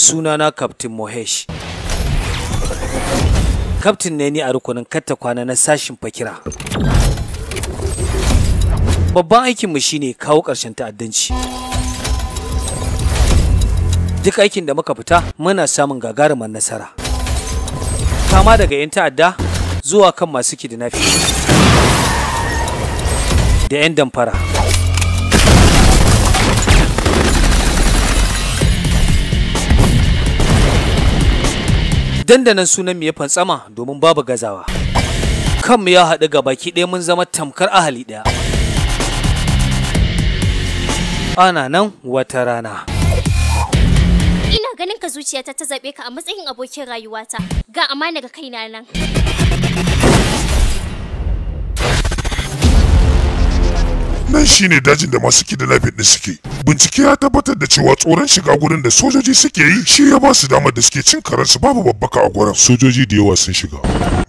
sunana Captain Mohesh. Captain ne ni a rukunin katta kwana na sashin fakira. Babban aikinmu shi ne kawo ƙarshen ta'addanci. Duk aikin da muka fita muna samun gagarumar nasara. Kama daga 'yan ta'adda zuwa kan masu kidnapping da 'yan damfara. dandanan sunan mu ya fantsama domin babu gazawa kanmu ya haɗu ga baki ɗaya mun zama tamkar ahali ɗaya ana nan wata rana ina ganin ka zuciyata ta zaɓe ka a matsayin abokin rayuwata ga amana ga kaina nan nan shine dajin da masu kidnapping din suke bincike ya tabbatar da cewa tsoron shiga gurin da sojoji suke yi shi ya ba su damar da suke cin karansu babu babbaka a gurin sojoji da yawa sun shiga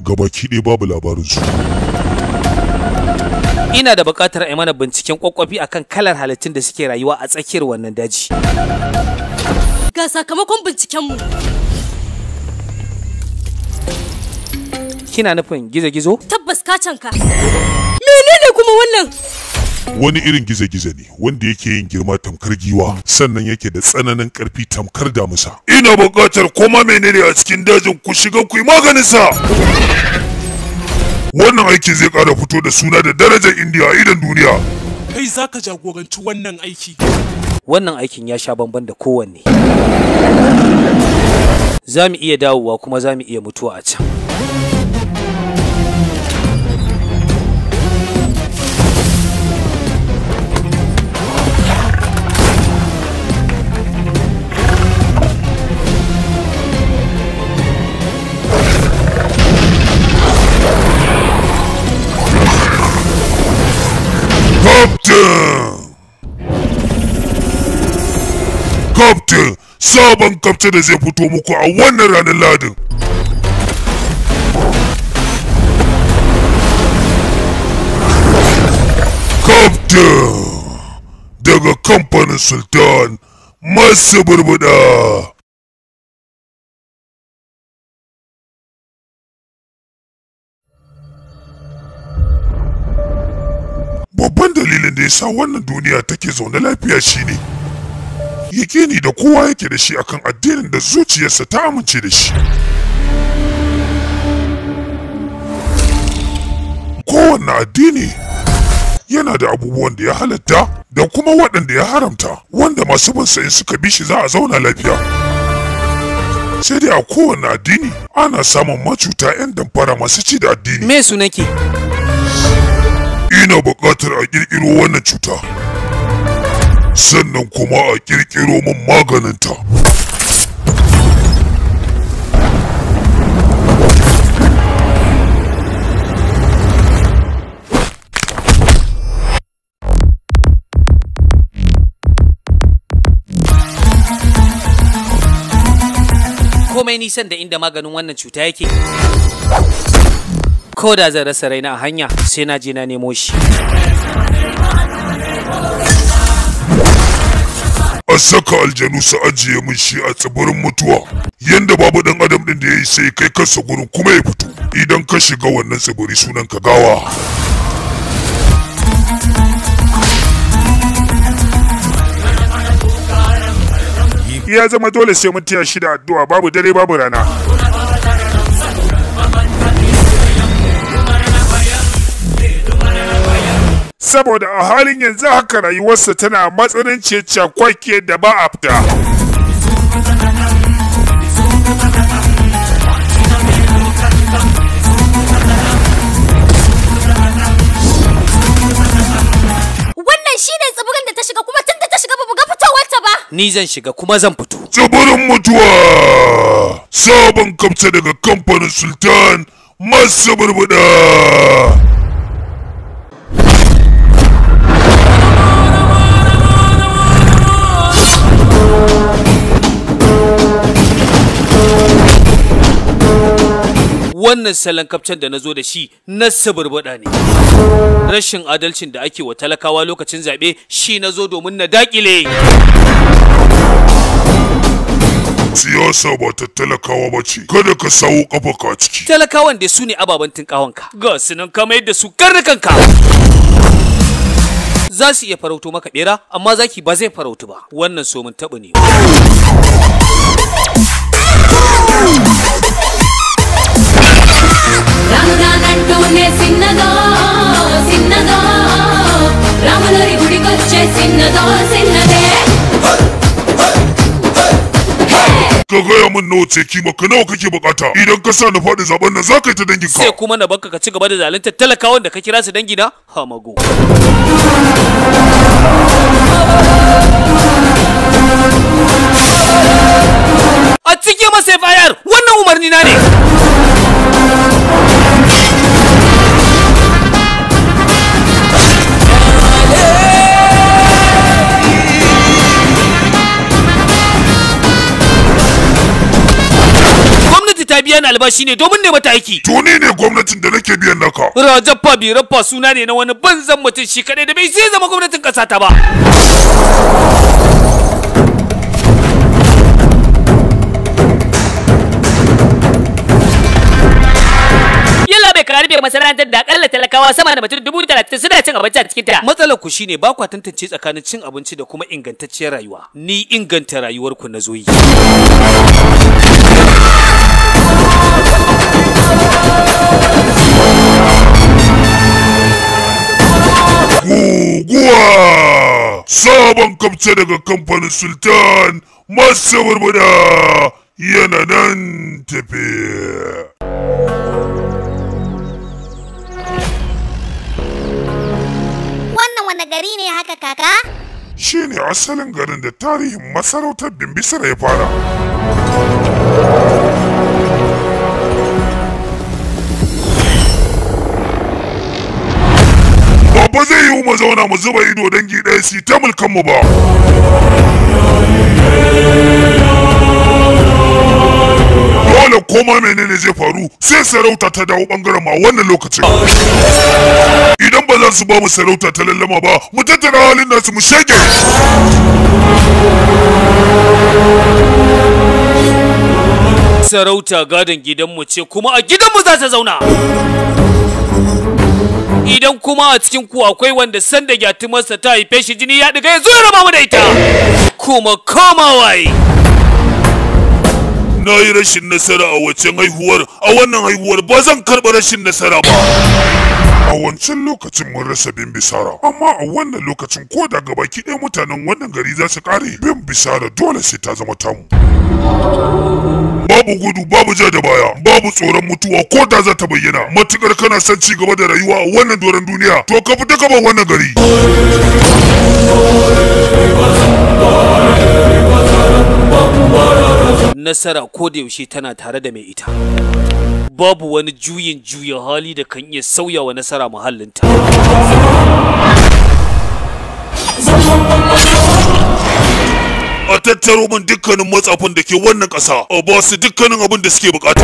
gabaki ɗaya babu labarin su ina da buƙatar a mana binciken kwakwafi akan kalar halittun da suke rayuwa a tsakiyar wannan daji ga sakamakon bincikenmu kina nufin gizo-gizo tabbas ka canka menene kuma wannan wani irin gize-gize ne wanda yake yin girma tamkar giwa sannan yake da tsananin karfi tamkar damusa ina buƙatar koma menene a cikin dajin ku shiga ku yi maganin sa wannan aikin zai ƙara fito da suna da darajar indiya a idon duniya kai zaka jagoranci wannan aiki wannan aikin ya sha bamban da kowanne za mu iya dawowa kuma za mu iya mutuwa a can Captain! Sabon Captain da zai fito muku a wannan ranar Ladin. Captain! Daga kamfanin Sultan masu burbuda. babban dalilin da ya sa wannan duniya take zaune lafiya shine yakini da kowa yake da shi akan addinin da zuciyarsa ta amince da shi kowanne addini yana da abubuwan da ya halatta da kuma waɗanda ya haramta wanda masu bin in suka bi shi za a zauna lafiya sai dai a kowanne addini ana samun macuta 'yan damfara masu ci da addini me su nake ina buƙatar a ƙirƙiro wannan cuta sannan kuma a ƙirƙiro min maganinta komai nisan da inda maganin wannan cuta yake ko da zan rasa raina a hanya sai na je na nemo shi a saka aljanu su ajiye min shi a tsibirin mutuwa yanda babu dan adam din da ya yi sai kai kansa gurin kuma ya fito idan ka shiga wannan tsibiri sunan ka gawa ya zama dole sai mun shida addu'a babu dare babu rana saboda a halin yanzu haka rayuwarsa tana matsananciyar cakwake da ba a fita. Wannan shi ne tsibirin da ta shiga kuma tun da ta shiga ba mu ga fitowarta ba. Ni zan shiga kuma zan fito. Tsibirin mutuwa! Sabon kamsa daga kamfanin Sultan masu burbuɗa! wannan salon kafcen da na zo da shi na suburbuɗa ne rashin adalcin da ake wa talakawa lokacin zaɓe shi na zo domin na daƙile siyasa ba ta talakawa ba ce kada ka sawo kafa ka ciki talakawan da su ne ababen tunkawanka ga su nan ka mayar da su karnukanka za su iya farauto maka ɓera, amma zaki ba zai farautu ba wannan so taɓa ne రానురానంటూనే ka gaya min nawa ce kima ka nawa kake bukata idan ka sa na faɗi zaben nan zaka yi ta dangin ka sai kuma na banka ka ci gaba da zaluntar talakawan da ka kira su dangi na hamago a cike masa fayar wannan umarni na ne ta biyan albashi ne domin ne mata aiki to ne ne gwamnatin da nake biyan naka rajabba bi rabba suna ne na wani banzan mutum shi kadai da bai zai zama gwamnatin kasa ta ba ka masarantar masana'antar da akalla talakawa sama da mutum dubu talatin suna cin abinci a cikin ta. Matsalar ku shine ba ku tantance tsakanin cin abinci da kuma ingantacciyar rayuwa. Ni inganta rayuwar ku na zoyi. Guguwa! Sabon kamce daga kamfanin Sultan masu warwada yana nan tafiya. wani gari ne haka kaka? Shi ne asalin garin da tarihin masarautar Bimbisar ya fara. Babba zai yi mu zauna mu zuba ido dangi ɗaya su ta mulkanmu ba. malam koma menene zai faru sai sarauta ta dawo bangaren ma wannan lokacin idan ba za su ba mu sarauta ta lallama ba mu tattara halin nasu mu shege sarauta gadon gidanmu ce kuma a gidanmu za ta zauna idan kuma a cikin ku akwai wanda sanda gyatumarsa ta haife shi jini ya diga ya zo ya raba mu da ita kuma komawa yi na yi rashin nasara a wancan haihuwar a wannan haihuwar ba zan karɓa rashin nasara ba a wancan lokacin mun rasa bin bisara amma a wannan lokacin ko da gaba ɗaya mutanen wannan gari za su ƙare bin bisara dole sai ta zama tamu babu gudu babu ja da baya babu tsoron mutuwa ko da za ta bayyana matukar kana son ci gaba da rayuwa a wannan doron duniya to ka fita ka bar wannan gari Bambara nasara ko da yaushe tana tare da mai ita babu wani juyin juya hali da kan iya sauya wa nasara muhallinta a tattaro min dukkanin matsafin da ke wannan ƙasa a ba su dukkanin abin da suke bukata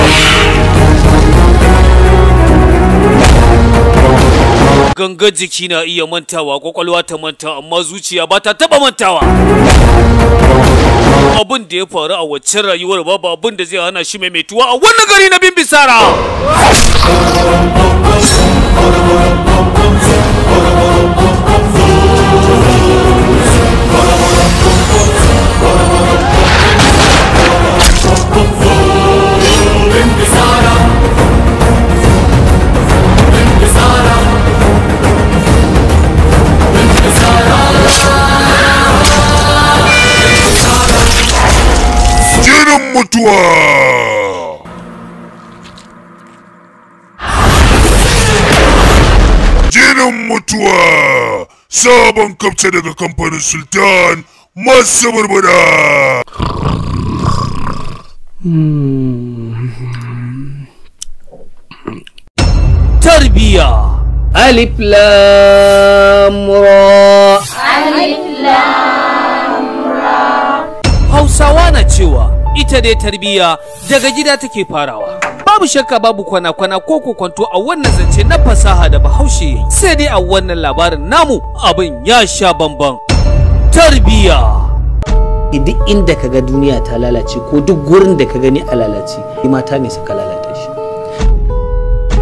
gangar jiki na iya mantawa kwakwalwa ta manta amma zuciya ba ta taba mantawa abin da ya faru a waccan rayuwar babu abin da zai hana shi maimaituwa a wannan gari na bimbisara bisara Jirin Jinin mutuwa! Sabon kapce daga kamfanin Sultan masu barbada! Hmm. Tarbiya! Alif Lam Alif Hausawa na cewa ita dai tarbiyya daga gida take farawa babu shakka babu kwana-kwana ko kokwanto a wannan zance na fasaha da bahaushe sai dai a wannan labarin namu abin ya sha bamban tarbiyya duk inda ka ga duniya ta lalace ko duk gurin da ka gani a lalace mata ne suka lalata shi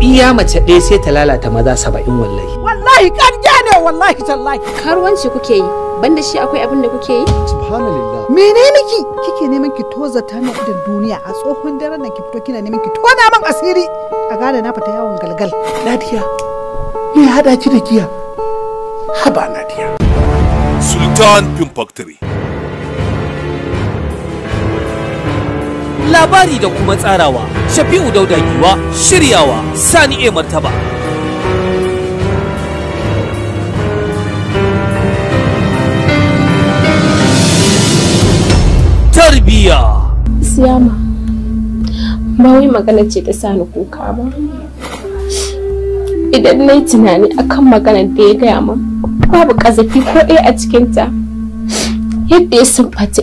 iya mace ɗaya sai ta lalata maza saba'in wallahi wallahi kan ne wallahi tallahi karuwanci kuke yi banda shi akwai abin da kuke yi subhanallah mene miki kike neman ki toza ta na idan duniya a tsohon daren nan ki fito kina neman ki tona man asiri a gane na fita yawon galgal nadiya me ya hada ki da giya haba nadiya sultan pin factory labari da kuma tsarawa shafi'u dauda giwa shiryawa sani martaba tarbiya siyama ba wai magana ce ta sani kuka ba idan na yi tunani akan magana da ya gaya min babu ƙazafi ko ɗaya a cikinta yadda ya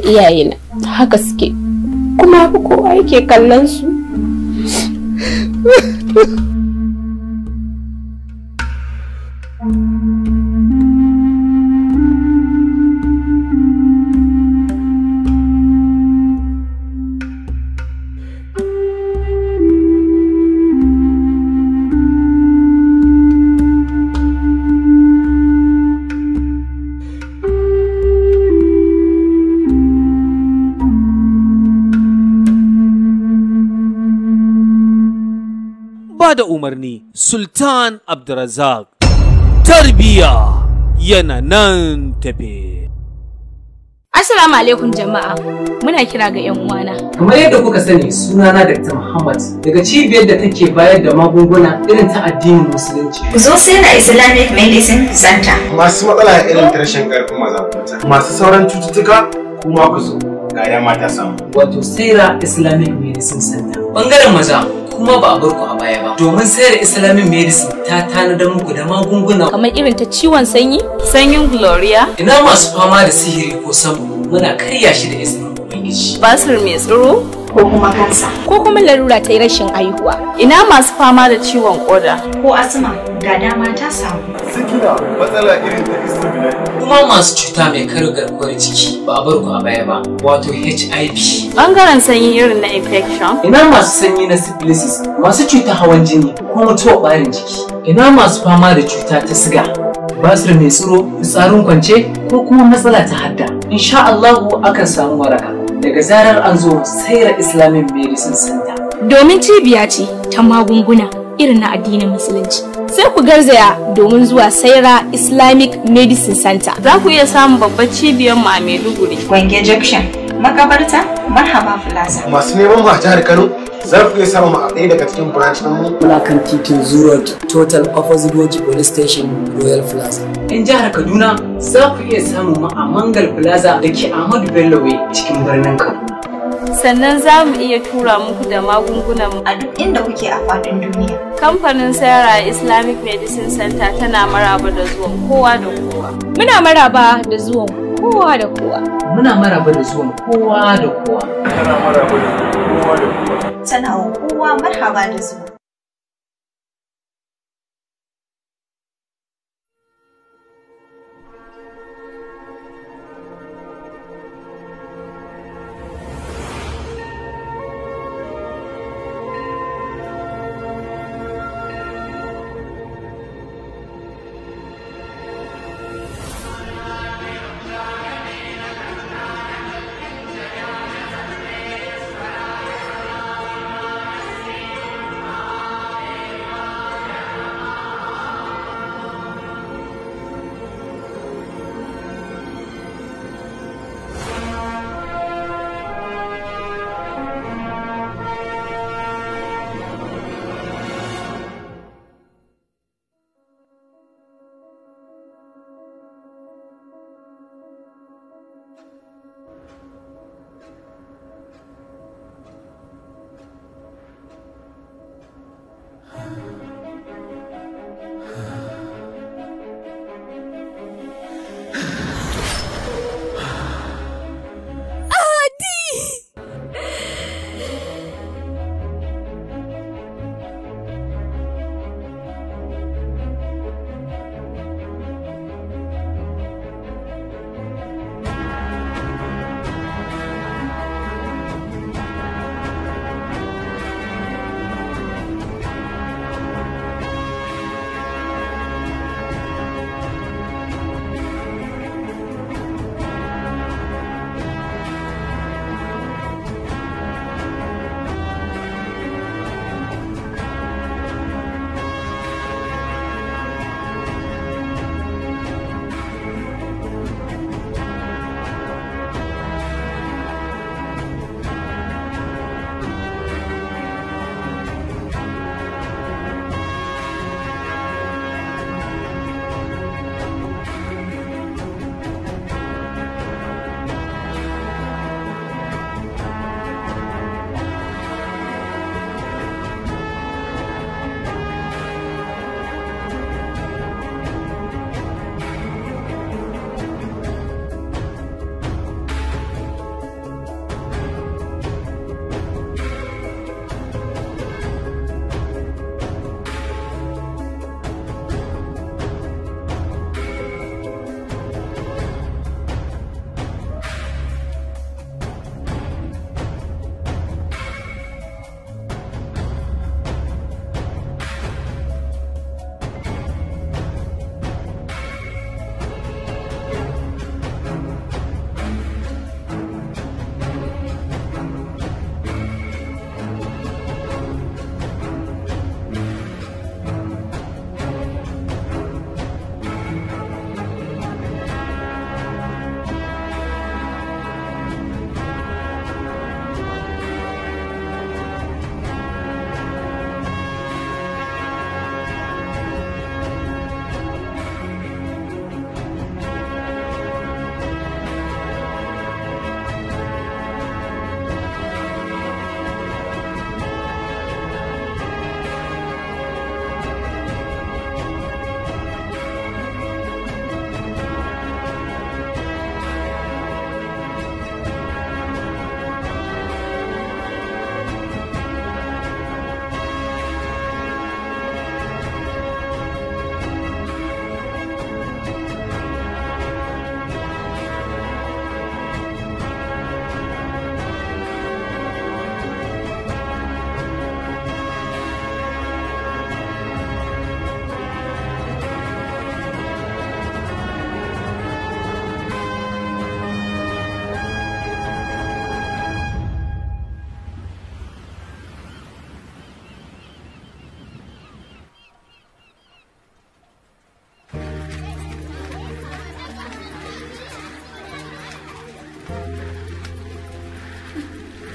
iyaye na haka suke kuma haka kowa yake kallon su Thank you. ba da umarni Sultan Abdulrazak tarbiya yana nan tafe. Assalamu alaikum jama'a muna kira ga 'yan uwana. Kamar yadda kuka sani sunana Dr. Muhammad daga cibiyar da take bayar da magunguna irin ta addinin musulunci. Ku zo sai na Islamic Medicine Center. Masu matsala irin ta rashin ƙarfin mazakuta. Masu sauran cututtuka kuma ku zo ga ƴan mata samu. Wato Sera Islamic Medicine Center. Bangaren maza kuma ba a bar ku a baya ba domin sayar islamic medicine ta tanadar muku da magunguna kamar irin ta ciwon sanyi sanyin gloria ina masu fama da sihiri ko sabu muna karya shi da izinin ubangiji basir mai tsiro ko kuma kansa ko kuma larura ta rashin aihuwa. ina masu fama da ciwon koda ko asma ga dama ta samu sikila matsala irin ta istimilai kuma masu cuta mai kare garkuwar jiki ba a bar ku a baya ba wato hiv bangaren sanyi irin na infection ina masu sanyi na syphilis masu cuta hawan jini ko mutuwar bayan jiki ina masu fama da cuta ta siga basir mai tsiro tsarin kwance ko kuma matsala ta hadda insha Allahu akan samu waraka daga zarar an zo saira islamic medicine center domin cibiya ce ta magunguna irin na addinin musulunci sai ku garzaya domin zuwa saira islamic medicine center za ku iya samun babbar cibiyar mu a maiduguri gwange junction magabarta marhaba plaza masu neman ba jihar kano zan ku sama samu a ɗaya daga cikin branch ɗin mu muna kan titin zuro total opposite waji police station royal plaza in jihar kaduna za ku iya samu mu a mangal plaza da ke ahmadu bello cikin birnin kano sannan za mu iya tura muku da magungunan a duk inda kuke a faɗin duniya. Kamfanin sayara Islamic Medicine Center tana maraba da zuwan kowa da kowa. Muna maraba da zuwan kowa da kowa. Muna maraba da zuwan kowa da kowa. mara maraba da zuwan kowa da kowa. Tana wa kowa marhaba da zuwa.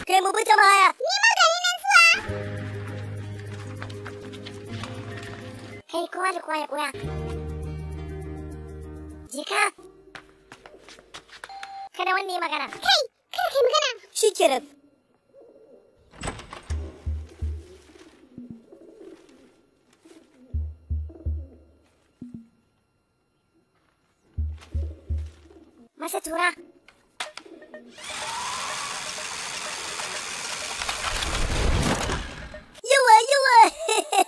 kai mu buta Ni ma nan zuwa. Kai kowa da koya. Jika. Kada wanda magana. Kai, kada kai magana. Masa tura.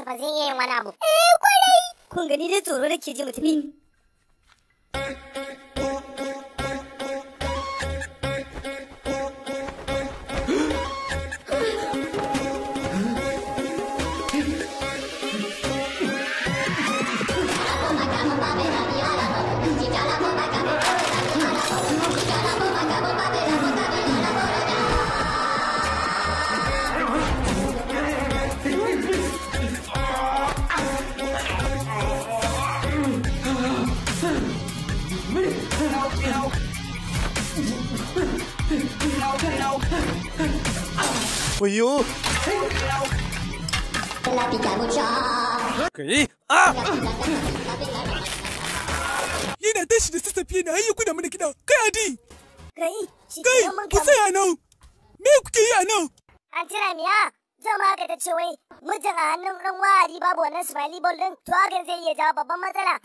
su ba zai iya yin wani abu. Eh kwarai. Kun gani dai tsoro nake ji mutumin 也叫宝宝妈子了。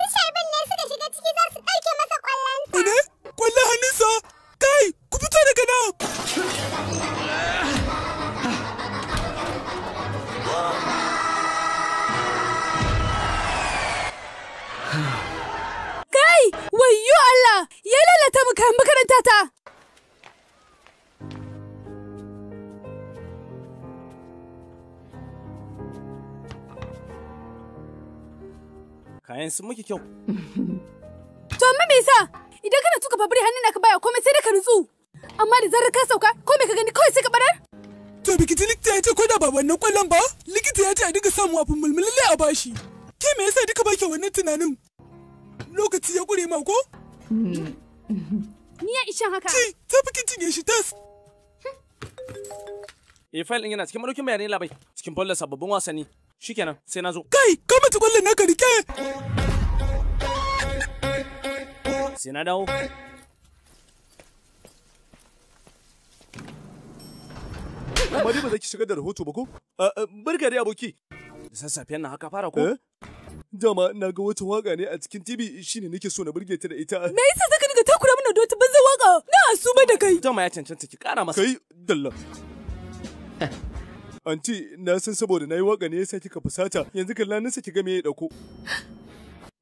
kyau. To amma me yasa idan kana tuka babur hannun naka baya komai sai da ka nutsu. Amma da zarar ka sauka komai ka gani kawai sai ka barar. To bikiti likita ya ce ko da ba wannan kwallon ba likita ya ce a duka samu abin mulmulalle a bashi. Ke me yasa duka baki wannan tunanin? Lokaci ya gure ma ko? Hmm. Ni ya ishan haka. Ci ta fi kicin shi tas. eh file din yana cikin madaukin bayanai labai cikin folder sababbin wasanni shikenan sai na zo kai ka mutu kwallon na rike sai na dawo amma dai ba zaki ki shigar da rahoto ba ko ah, ah, barka dai aboki da sassafen nan haka fara ko eh? dama na ga wata waka ne a cikin tv shine nake so na burge ta da ita me yasa zaka dinga takura mana da wata banzan waka na asuma da kai dama ya cancanta ki kara masa kai dalla Anti, na san saboda na yi waka ne sai kika fusata, yanzu kalla nasa ki game ya dauko.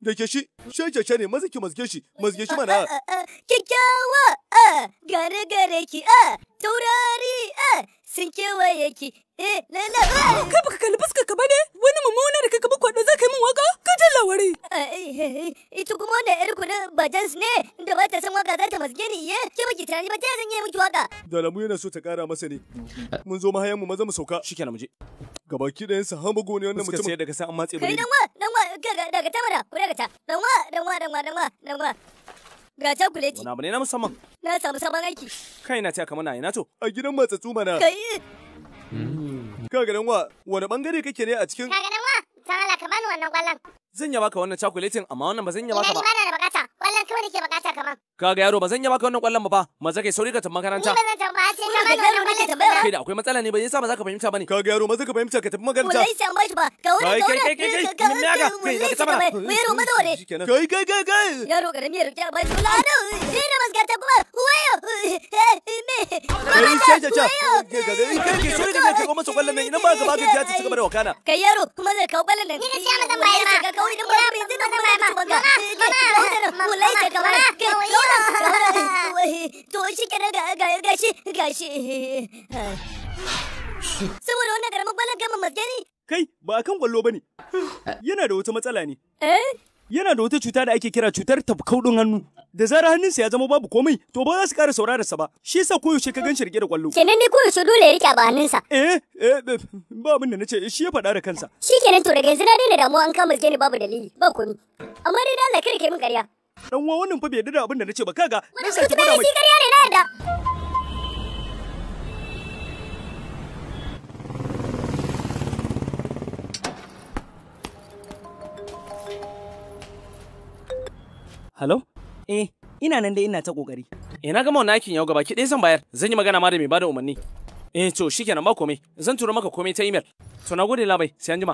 Da ke shi, shi ke ne, maza ki mazge shi, mazge shi mana. Kyakkyawa, a, gare gare ki, a, taurari, a, sun kewaye ki, eh, lala, Kai baka kalli ka bane wani mummuna da kaka bakwa za ka yi min waka ka tallawari. Eh, eh, eh, ita kuma wannan yar kunin bajans ne da ba ta san waka za ta maske ni iye ke baki tunani ba ta zan yi miki waka. da lamu yana so ta kara masa ne mun zo mahayan mu maza mu sauka. shikenan mu je. gabaki da yansa hamba gone wannan mutum. sai daga sa an matse bari. kai danwa danwa daga ta mana ku daga ta danwa danwa danwa danwa danwa. ga cakuleti. Wani abu ne na musamman. Na samu sabon aiki. Kai na ta kamar na ina to. A gidan matsatsu mana. Kai. Hmm. Ka ga wa, wani bangare kake ne a cikin? Ka ga wa, Ta Allah ka bani wannan kwallon. Zan yaba ka wannan cakuletin amma wannan ba zan yaba ka ba. Ina ni bana da wannan da ke bukata Kaga yaro ba zan yi maka wannan kwallon ba fa maza kai sauri ka tafi makaranta. Ni ba zan tafi ba sai ka bani wannan wannan ba. Kai da akwai matsala ne ba yasa ba za ka fahimta bane. Kaga yaro maza ka fahimta ka tafi makaranta. Wallahi sai mai ba. Ka wuri ka wuri. Kai kai kai kai ka kai ka kai ka kai ka kai Kai kai kai kai. Yaro ka rami ka ba shi lalo. Ni na maska ta Wayo. Me. Kai sai da ta. Kai kai kai sauri ka kai masa kwallon nan idan ba ka ba ka ci gaba da wakana. Kai yaro kuma zai kawo kwallon nan. Ni ka siya mazan bayar ma. Ka kai ka kai ka ka ka to shi kenan gashi gashi saboda wannan karamin balan gama maske ne kai ba akan kwallo bane yana da wata matsala ne eh yana da wata cuta da ake kira cutar tafkaudin hannu da zarar hannunsa ya zama babu komai to ba za su ƙara saurara sa ba shi yasa koyaushe ka gan shi rike da kwallo kenan ni koyaushe dole ya rike ba hannunsa eh, eh eh ba abin da nace shi ya faɗa da kansa shikenan to daga yanzu na daina damuwa an kama ni babu dalili ba komai amma dai Allah kare kai min ƙarya Dan uwa wannan fa bai dada da abin da nace ba kaga na saki gwada mai. Kariya ne na yarda. Hello? Eh, ina nan dai ina ta kokari. Eh na gama wannan aikin yau gaba ki dai zan bayar. Zan yi magana ma da mai bada umarni. Eh to shikenan ba komai. Zan turo maka komai ta email. To na gode labai sai an jima.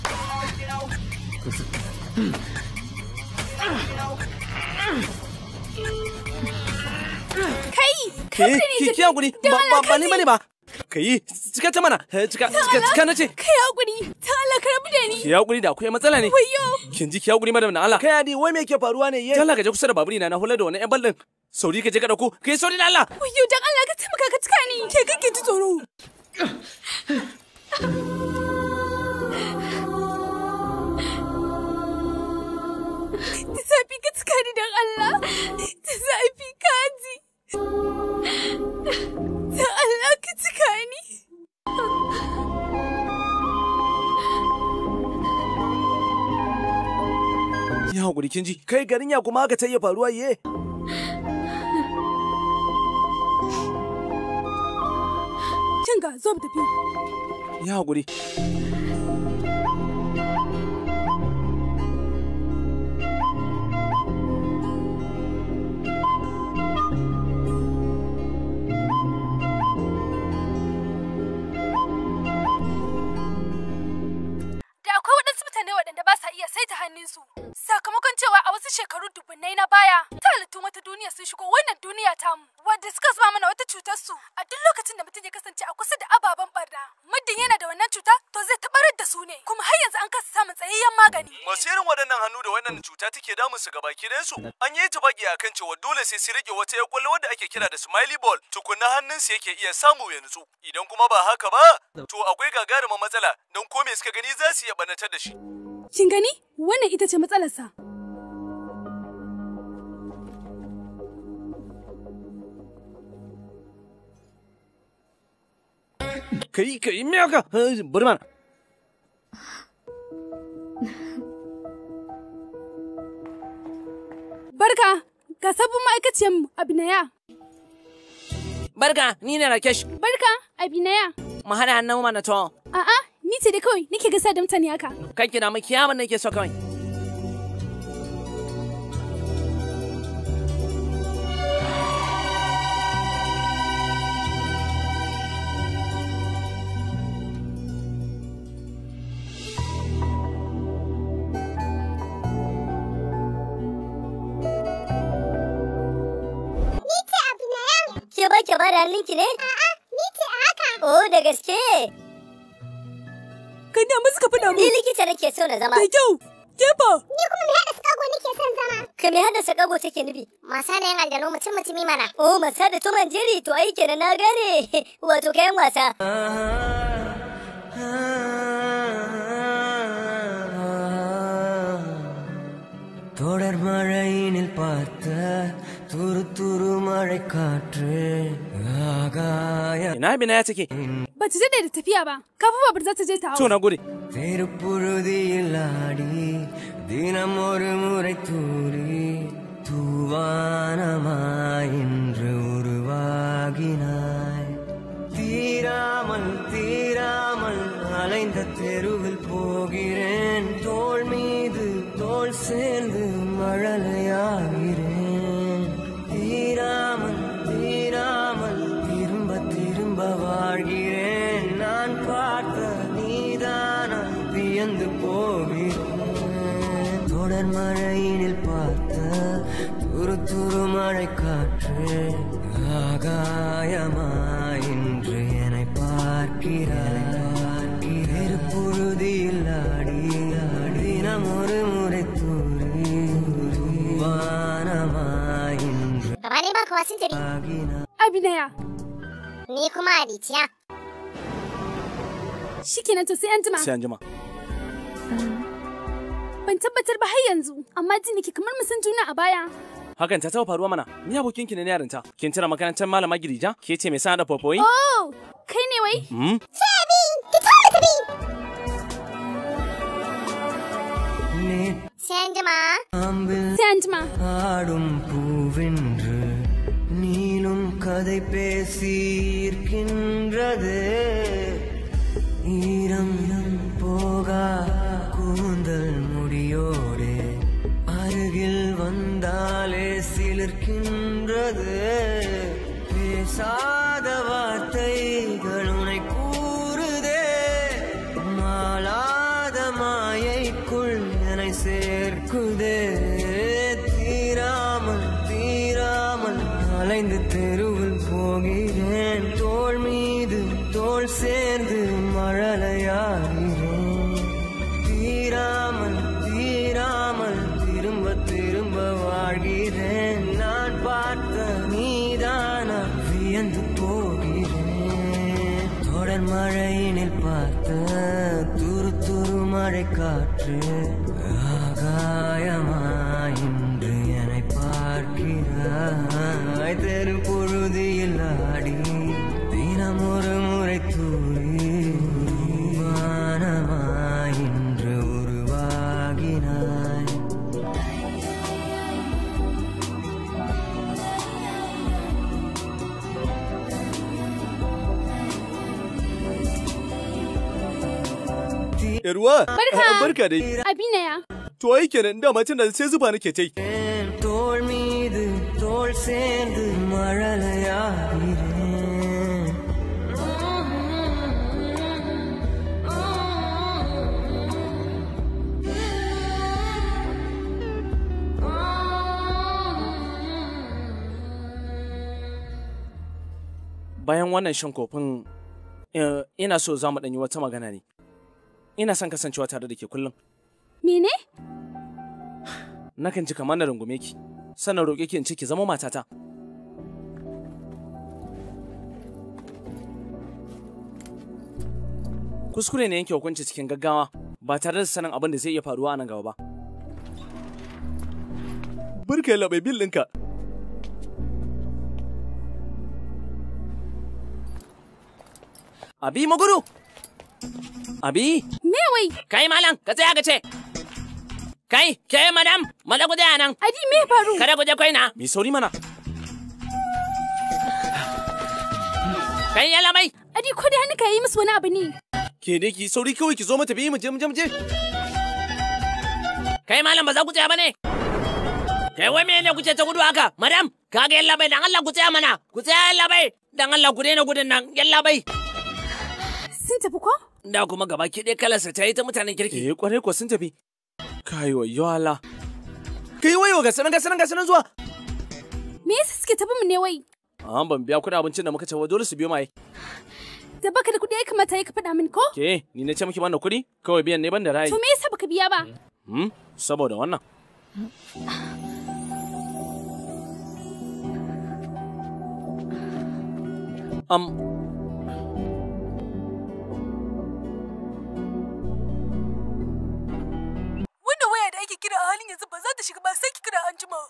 Kai! Kai! Ki hakuri! Ba ni ba! Kai! Cika ta mana! Eh, cika cika na ce! Ta Allah ka rabu da ni! Ki hakuri da akwai matsala ne! Kin ji ki hakuri madam na Allah! Kai Adi wai me ke faruwa ne yayi? Allah ka je kusa da baburi na na hular da wani ƴan ballin. Sauri ka je ka dauko! Kai sauri da Allah! Wayyo dan Allah ka taimaka ka cika ni! Ke kake ji tsoro! Zafi ka tsakani don Allah. Zafi ka ji. Da Allah ka tsakani. Ya haƙuri kin ji, kai garin ya kuma haka ta iya faruwa ye. Cinga, zo mu tafi. Ya haƙuri. akwai waɗansu mutane waɗanda ba sa iya saita hannunsu sakamakon cewa a wasu shekaru dubunnai na baya ta halittu wata duniya sun shigo wannan duniya tamu wadda suka zuba mana wata cutar su a duk lokacin da mutum ya kasance a kusa da ababen barna muddin yana da wannan cuta to zai tabarar da su ne kuma har yanzu an kasa samun tsayayyen magani masu irin waɗannan hannu da wannan cuta take damun su gaba ɗayan su an yi a kan cewa dole sai su rike wata yakwallo wadda ake kira da smiley ball tukunna hannunsu yake iya samu yanzu idan kuma ba haka ba to akwai gagarumin matsala don ko me suka gani za su iya lalatar da shi. Kin gani? Wannan ita ce matsalarsa. Kai, kai, me haka? Eh, bari mana. Barka, ga sabon ma'aikaciyar Abinaya. Barka, ni ne Rakesh. Barka, Abinaya. Mu hada hannun mana to. A'a, ni ce dai kawai nake gasa da mutane haka. Kai kina mai kiyaman nake so kawai. Ke ba ke ba da halinki ne? A'a, ni ce haka. Oh, da gaske. kan da musu ka faɗa mu. Ni likita nake so na zama. Da kyau. Jefa. Ni kuma mai haɗa sakago nake son zama. Ka mai haɗa sakago take nufi. Masa da yan aljanu mutum mutumi mana. Oh masa da tuman jeri to ai kenan na gane wato kayan wasa. தொடர் மழையினில் பார்த்த துரு துரு மழை காற்று ina bina ya take ba ta da tafiya ba kafin babur za ta je ta hau to na gode திருப்புழுதியில் ஆடி தினம் ஒரு முறை தூரி தூவானமாய் என்று உருவாகினாய் தீராமல் தீராமல் அலைந்த தெருவில் போகிறேன் தோல் மீது தோல் சேர்ந்து மழலையார் வியந்து போகிறேன் தொடர் மழையினில் பார்த்த துரு துரு மழை காற்று ஆகாயமாய் இன்று என்னை பார்க்கிறாய் பார்க்கிறேன் புழுதியில் ஆடி ஆடி ஒரு முறை தூரி வானமாய் Abhinaya ni kuma a to sai an jima. Sai ban tabbatar ba har yanzu, amma ji nake kamar mu san juna a baya. Hakan ta taɓa faruwa mana, ni abokin ki ne na yarinta. Kin tira makarantar malama Girija, ke ce mai sa da popoyi? Oh, kai ne wai? Mm. Sabi, ki tara tabi. Ne. Sai anjima. Sai anjima. ஆடும் கதை பேசியிருக்கின்றதே கண்டாலே சிலிர்க்கின்றது பேசாத வார்த்தைகளுனை கூறுதே மாலாத மாயைக்குள் என்னை சேர்க்குதே தீராமல் தீராமல் அலைந்து தெருவில் போகிறேன் தோல் மீது தோல் சேர்ந்து தொடர் மழையினில் பார்த்த துரு துரு மழை காற்று ஆகாயமா இன்று என்னை பார்க்கிறாய் தெரு பொழுதில் yarwa. Eh, barka. Eh, barka dai. Abi na ya. To ai kenan da tun da sai zuba nake tai. Dormiydi, Bayan wannan shan kofin eh, ina so za mu ɗanyi wata magana ne. Ina son kasancewa tare da ke kullum. Mene? Nakan ji kamar na rungume ki, sannan roƙe ki in ce ki zama matata. Kuskure ne yanke hukunci cikin gaggawa ba tare da sanin abin da zai iya faruwa a nan gaba ba. Burka labai bil ɗinka. Abi maguru! Abi? Me wai? Kai malam, ka tsaya ka ce. Kai, ke madam, mada guje a nan. Adi me faru? Kada guje kai na. Mi sauri mana. Kai ya mai. Adi ko da hannu ka yi musu wani abu ne. Ke dai ki sauri kawai ki zo mata biyu mu je mu je mu je. Kai malam ba za ku tsaya ba ne. Kai wai me ne kuce ta gudu haka? Madam, ka ga yalla bai dan Allah ku tsaya mana. Ku tsaya yalla bai. Dan Allah ku daina gudun nan yalla bai. Sun tafi ko? Da kuma gaba ki ɗaya kalarsa ta yi ta mutanen kirki. Eh kwarai kuwa sun tafi. Kai wayo Allah. Kai wayo ga sanan ga sanan ga sanan zuwa. Me yasa suke tafi mu ne wai? An ah, ban biya kuɗin abincin da muka ce wa dole su biyo mai. Da baka da kuɗi ai kamata ya ka faɗa min ko? Ke ni na ce miki wannan kuɗi kawai biyan ne ban da rayi. To me yasa baka biya ba? Hmm saboda wannan. Um, take kira a halin yanzu ba za ta shiga ba sai ki kira an jima.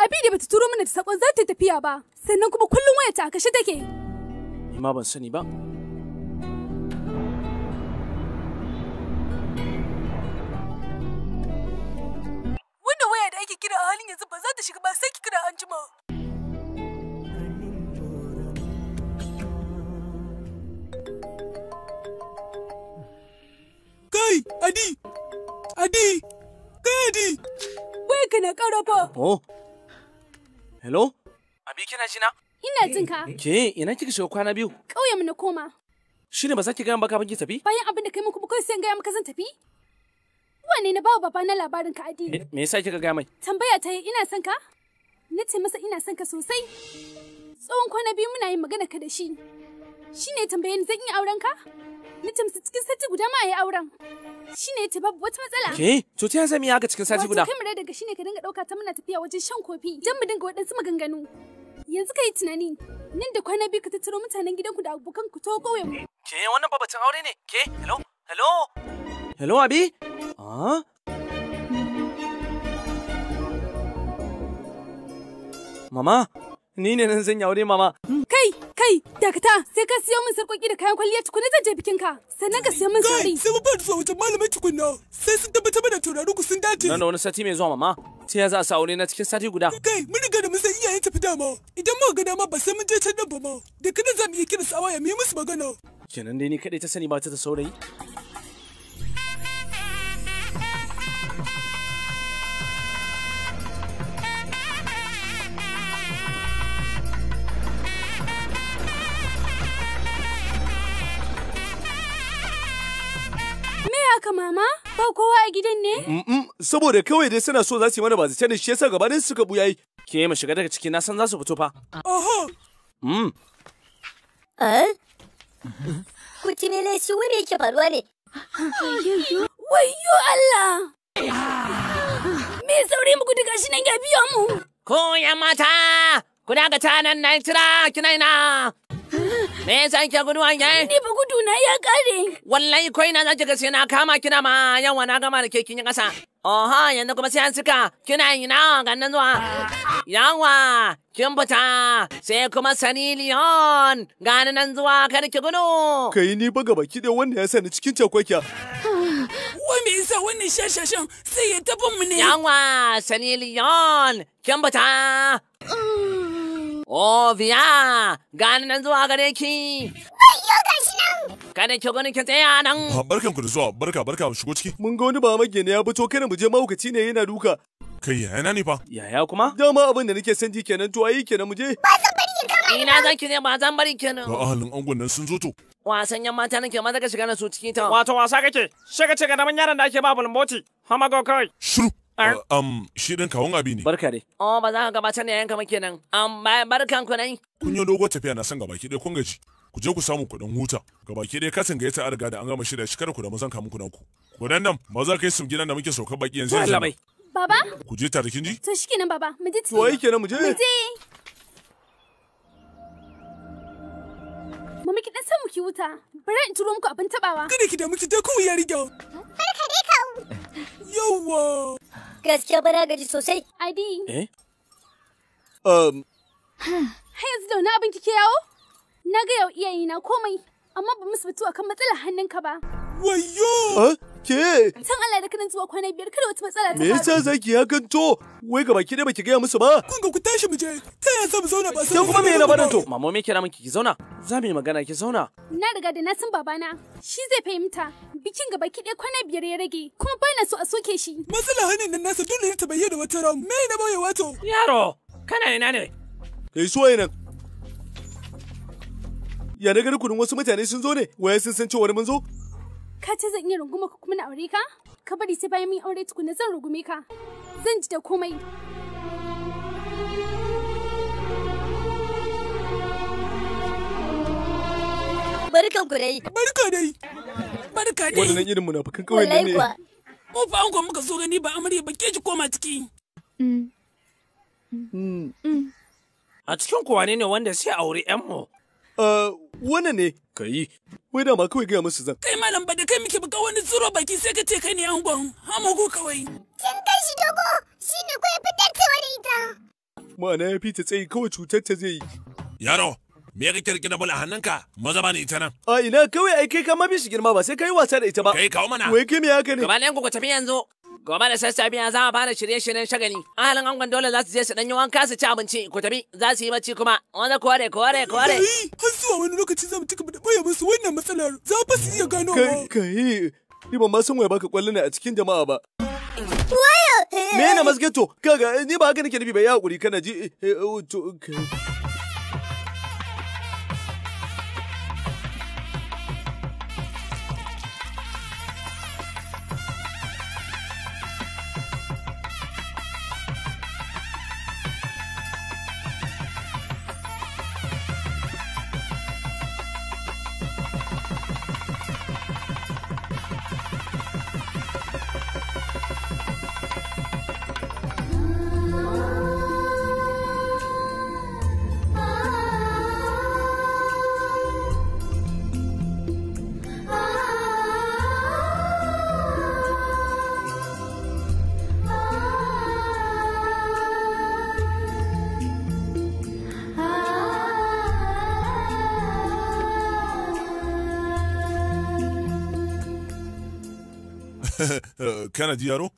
da bata turo mana da sakon za ta tafiya ba sannan kuma kullum waya a kashe take. Ni ma ban sani ba. Wannan waya da ake kira a halin yanzu ba za ta shiga ba sai ki kira an jima. Kai, Adi! Adi! Kai, Adi! Wai ka na ƙarfa! Oh! Hello? Abi kina jina? Ina jin ka. Ke, ina kika shiga kwana biyu? Ƙauyen na koma. Shi ne ba za ki gaya baka ki tafi? Bayan abin da kai muku kawai sai gaya maka zan tafi? Wane na bawa baba na labarin ka Adi? Me yasa kika gaya mai? Tambaya ta yi ina son ka? Na ce masa ina son ka sosai. Tsawon kwana biyu muna yin magana ka da shi. Shi ne tambaye zan yi auren ka? mijinsu cikin sati guda ma yayi auren. Shi ne ta babu wata matsala. Ke, to ta zami haka cikin sati guda. Wato kamar daga shine ka dinga dauka ta muna tafiya wajen shan kofi don mu dinga waɗansu maganganu. Yanzu ka yi tunani, nan da kwana biyu ka tattaro mutanen gidanku da abokan ku to ƙauyen mu. Ke wannan babacin aure ne? Ke, hello, hello. Hello Abi? Ah? Mama, ni ne nan zan yi aure mama. Kai, kai, dakata, sai ka siyo min sarƙoƙi da kayan kwalliya tukuna zan je bikin ka. Sannan ka siyo min sari. Sai mu ba zuwa wajen malamai tukuna. Sai sun tabbatar mana tauraro ku sun dace. Nan da wani sati mai zuwa mama. Ta ya za a sa aure na cikin sati guda. Kai, mun riga da mun san iyayen tafi dama. Idan muka ga dama ba sai mun je can nan ba ma. Da kada za mu iya kira su mu yi musu magana. Kenan dai ni kaɗai ta sani ba ta da saurayi. haka mama? Ba kowa a gidan ne? saboda kawai dai suna so za su yi mana bazace da shi yasa gabanin suka buya yi. Ke mu shiga daga ciki na san za su fito fa. Oho. Mm. Eh? Ku tunile shi wuri yake faruwa ne. Wayyo Allah! Me saurayi muku duka shi nan ya biya mu. Ko ya mata, kuna ga tanan na kina kinaina. Me yasa kike gudu an yayi? Ni ba gudu na ya kare. Wallahi ko ina zaki ga sai na kama kina ma yawa na gama da ke kin kasa. Oha yanzu kuma sai an suka kina yi na ganin zuwa. Yawa kin fita sai kuma saniliyon ganin nan zuwa kar ki gudu. Kai ni ba gaba kide da wanda ya sani cikin cakwakiya. Wa me yasa wannan shashashan sai ya tafi mu ne? Yawa saniliyon kin fita. Mm. O biya, gani nan zuwa gare ki. Ayyo gashi nan. Kada ke gani ki tsaya nan. Barkan ku da zuwa, barka barka mu shigo ciki. Mun ga wani ba mage magene ya fito kana mu je mahaukaci ne yana duka. Kai ya yana ne fa? Yaya kuma? Dama abin da nake son ji kenan to ayi kenan mu je. Ba zan bari ki kama. Ina zan ki ne ba zan bari kenan. Ba ahalin angon nan sun zo to. Wasan yan mata nake maza ka shiga na su ciki ta. Wato wasa kake? Shiga ce ga da yaran da ake ba bulmoti. Hamago kai. Shiru. Uh, um, shirin kawun abi ne. Barka dai. Oh, ba za ka gabatar da yanka muke nan. Um, barkan ku nai. Kun yi dogo tafiya na san gabaki ɗaya kun gaji. Ku je ku samu kuɗin huta. Gabaki ɗaya katin gayyata a riga da an gama shirya shi ku da mazan kamun ku na ku. Kuɗan nan ba za ka yi gidan da muke saukar baki yanzu yanzu. Baba. Ku je tare kin ji? To kenan baba, mu je. To ai kenan mu je. Mu je. Mama ki dan san mu ki huta. Bari in turo muku abin tabawa. Kada ki da ki dai ku ya riga. Barka dai kawu. Yawwa! Gaskiya ba na gaji sosai. Adi. Eh? Um. Har yanzu da wani abin kike yawo? Na ga yau iyayena komai, amma ba musu fito akan matsalar hannunka ba. Wayo! Eh? Ke! San Allah da kanan zuwa kwana biyar kada wata matsala ta faru. Me yasa zaki ya kanto? Wai gaba baki da baki gaya musu ba? Kun ga ku tashi mu je. Ta yasa mu zauna ba? Sai kuma me na barin to? Mamo me kira miki ki zauna? Za mu yi magana ki zauna. Na riga da na san babana. Shi zai fahimta. Bikin gaba baki ɗaya kwana biyar ya rage. Kuma ba na so a soke shi. Matsala hannun nan nasa dole ta bayyana wata ran. Me na boye wato? Yaro, kana ina ne? Kai so nan. Ya na gari kudin wasu mutane sun zo ne? Waya sun san cewa mun zo? Ka ce zan iya runguma ka kuma na aure ka? Ka bari sai bayan mun aure tukuna zan rungume ka. Zan ji da komai. Barka ku dai. Barka dai. Barka dai. Wannan irin munafukan kawai ne. Wallahi kuwa. fa an muka so gani ba amarya ba ke ji koma ciki. Mm. Mm. Mm. A cikin kuwa ne wanda sai aure 'yan mu? Uh, wane ne ka yi wai dama kawai gaya musu zan kai malam ba da kai muke buka wani tsuro baki sai ka ce kai ne angon hamago kawai kin kai shi dogo shine ko ya fi ta da ita ma'ana ya fita tsayi kawai cutar ta zai yi yaro me ya kake rike da bula hannunka maza bani ita nan a ina kawai ai kai ka ma bi shi girma ba sai ka yi wasa da ita ba kai kawo mana wai kai me haka ne gaba na yan ku tafi yanzu Gobe da sassafe ya za a fara shirye-shiryen shagali. Ahalin angon dole za su je su danyi wanka su ci abinci ku tafi za su yi bacci kuma wani kore kore kore. Har zuwa wani lokaci za mu ci gaba da baya musu wannan matsalar za fa su iya gano. Kai kai ni ban ma san waya baka kwallo ne a cikin jama'a ba. Waya. Eh, Me na eh. masgeto kaga ni ba haka nake nufi ba ya hakuri kana ji. Eh, kana ji yaro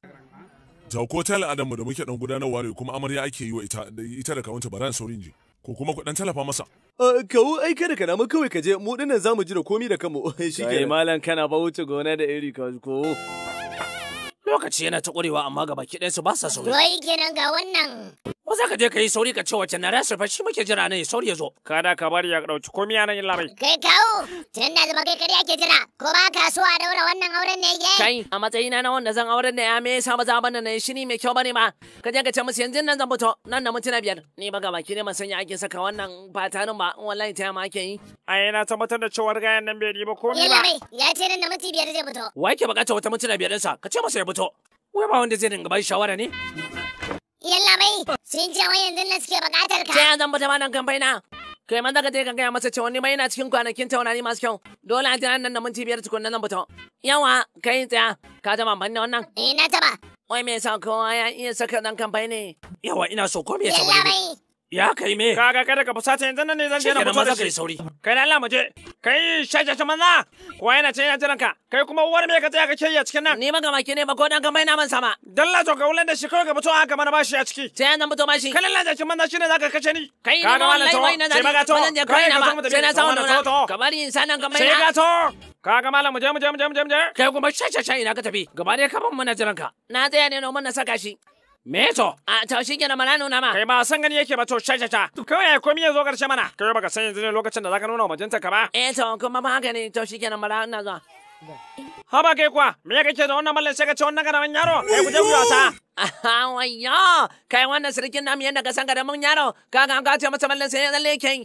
jauko ta al'adar mu da muke dan gudanarwa ne kuma amarya ake yi wa ita ita da kawunta baran saurin ji ko kuma ku dan talafa masa eh, kawo ai kada ka namu kawai ka je mu dinnan zamu ji da komi da kanmu ke malam kana ba wuce gona da iri ka ko Lokaci yana ta ƙwarewa amma ga baki ɗayansu ba sa sauri. Wai kenan ga wannan. Ko za ka je ka yi sauri ka ce wacce na rasa fa shi muke jira nan sauri ya zo. Kada ka bari ya ɗauki komai a yin illa Kai kawo tun da zama kai kare ake jira ko ba ka so a daura wannan auren ne ke. Kai a matsayina na wanda zan auren da ya me yasa ba za ban nan shi ne mai kyau bane ma. Ka je ka ce musu yanzu nan zan fito nan na mutuna biyar. Ni ba ga baki ne masanya ake saka wannan fatanin ba wallahi ta ma ake yi. a yana tabbatar da cewa gayan nan bai riba ba. ya ce nan na mutu biyar zai fito. Wai ke bukata wata mutuna biyar ɗinsa ka ce masa ya fito. to, wai ba wanda zai dinga bai shawara ne? Yalla bai, sun ce wai yanzu na suke bukatar ka. Sai an zamba ta malam kamfai na. Kai man zaka je ka gaya masa cewa ni ma na cikin kwanakin taurari masu kyau. Dole a jira nan da minti biyar tukunna zan fito. Yawa, kai tsaya, ka taba ban wannan? Eh na taba. Wai me yasa kowa ya iya saka dan kamfai ne? Yawa ina so ko me yasa Yalla bai, Ya kai me? Kaga kada ka fusata yanzu nan ne zan jira na da kai sauri. Kai na Allah mu je. Kai shaje shaje manza. Ko yana ce yana jiran ka. Kai kuma uwar me ka tsaya ka kiyaye cikin nan? Ni ma gama ne ba ko dan gamai na man sama. Dalla to ka wulan da shi kawai ka fito haka mana bashi a ciki. Sai nan fito bashi. Kai lalla shi manza shine zaka kace ni. Kai ni ma wallahi mai na zaki. Wannan je kai na ba. Sai na samu na. Kamar insanan gamai na. Sai ga to. Kaga malam mu je mu je mu je mu je. Kai kuma shaje shaje ina ka tafi. Gaba ne ka ban mana jiran ka. Na tsaya ne mun na saka shi. Me to? A to shi na mana nuna ma. Kai ba san gani yake ba to sha sha sha. Kawai ai komai zo karshe mana. Kai baka san yanzu ne lokacin da zaka nuna wa majinta ka ba. Eh to kuma ba haka ne to shi na mana zo. Haba kai kuwa, me ya kace da wannan mallan sai ka ce wannan garamin yaro? Kai ku je ku wasa. Wayyo, kai wannan sirkin namu yadda ka san garamin yaro, ka ga ka kace masa mallan sai ya tsalle kai.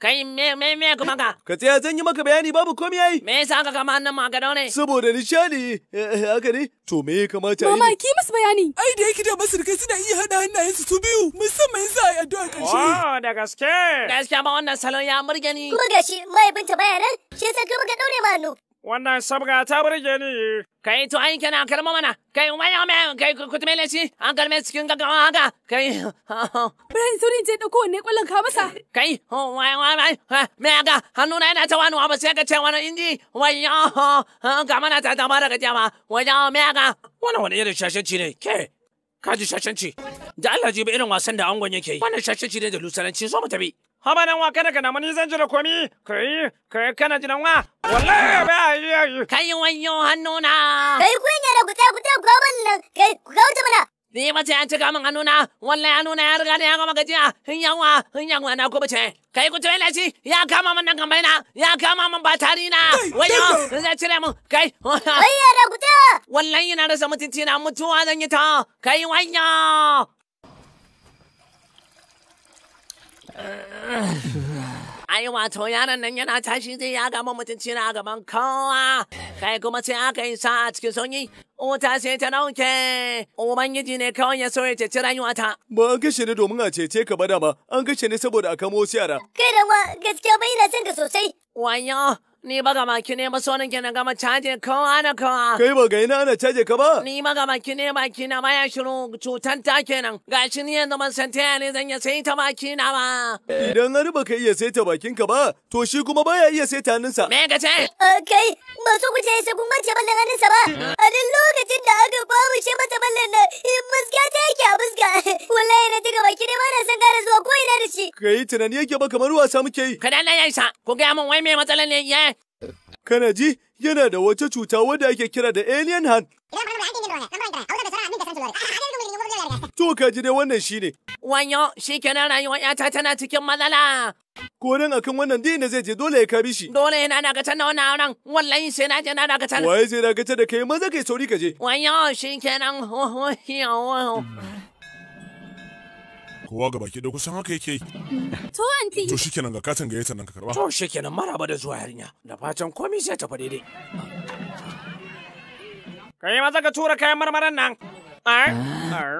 Kai me me me kuma ka? Ka tsaya zan yi maka bayani babu komai yayi. Me yasa ka kama hannun ma ga daune? Saboda nishadi, eh, haka ne? To me ya kamata yi? Mama, ki musu bayani. Ai da yake da masirkai suna iya hada hannayen su biyu, musamman yasa ya addu'a karshe. Oh, da gaske. Gaskiya ba wannan salon ya murge ni. Kuma gashi, mai binta bayanan, shi yasa ka daure ma hannu. Wannan sabga ta burge ni. Kai to ai kana karma mana. Kai ya mai kai mai lashi. an kalme cikin gaggawa haka. Kai. Brian Sony je dauko ne kwallon ka masa. Kai oh, wai wai wai me ga hannu na yana ta wani ba sai ka ce wani inji. Wai ya ga mana ta tama ga jama. Wai ya me ga. Wannan wani irin shashanci ne. Ke ka ji shashanci. Da Allah ji ba irin wasan da angon yake yi. Wannan shashanci ne da lusaranci so mu tabi. haba nan wa kana kana mani zan jira komi kai kai kana jira wa wallahi ba yi yi kai wanyo hannu na kai kunya da gutai gutai goban nan kai gauta mana ni ma ce an ci gamin hannu na wallahi hannu ya riga da ya gama gajiya hin yanwa hin yanwa na ko bace kai ku tsaye shi ya kama man nan kamar na ya kama man ba tari na wayo zai cire mu kai wayo da gutai wallahi na rasa mutunci na mutuwa zan yi ta kai wanya Ai wato yaron nan yana tashi zai ya gama mutunci na gaban kowa. Kai kuma sai aka yi sa a cikin sanyi. Ota sai ta dauke. Ubangiji ne kawai ya so ya ceci rayuwata. Ba an kashe ni domin a cece ka ba dama. An kashe ni saboda a kamo wasu yara. Kai da ma gaskiya bai na son ka sosai. Wanyo? Ni ba ga baki ne ba sonin ke na gama caje kowa da kowa. Kai ba ga ina ana caje ka ba? Ni ba ga baki ne baki na ma ya shiru cutan ta kenan. Gashi ni yanzu man san ta ne zan iya sai ta baki na ba. Idan har ka iya sai ta bakin ka ba, to shi kuma baya iya sai ta hannunsa. Me ka ce? Kai ba so ku sai kun mace ballan hannunsa ba. A duk lokacin da aka babu shi mata ballan nan, in muska ta yake a muska. Wallahi na tuka baki ne ba na san gara zuwa ko ina da shi. Kai tunani yake ba kamar wasa muke yi. Kada na yaisa, ku ga mun wai me matsalan ne iyaye? Kana ji yana da wata cuta wadda ake kira da alien hand. To ka ji dai wannan shi ne. Wanyo shi kenan ya yata tana cikin matsala. nan akan wannan din da zai je dole ya kabi shi. Dole yana dakatar da wannan auren wallahi sai na je na dakatar. Waye zai dakatar da kai maza kai sauri ka je. Wanyo shi kenan. kowa ga baki da kusan haka yake to anti to shikenan ga katin gayyata nan ka karba to shikenan maraba da zuwa yarinya da fatan komai sai tafi dai. kai ma ka tura kayan marmaran nan ar ar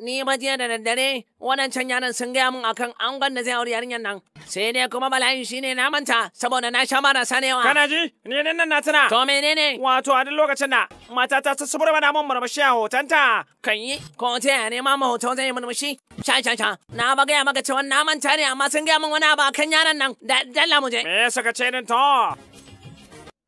ni ba jiya da daddare can yaran sun gaya min akan angon da zai aure yarinyar nan sai dai kuma bala'in shine na manta saboda na sha marasa ne kana ji ni nan na tana. to menene wato a duk lokacin da matata ta subura mana mun murmushi a ta kan yi ko ta ne ma hoton zai murmushi sha sha sha na ba gaya maka cewa na manta ne amma sun gaya min wani abu akan yaran nan da dalla mu je me suka ce din to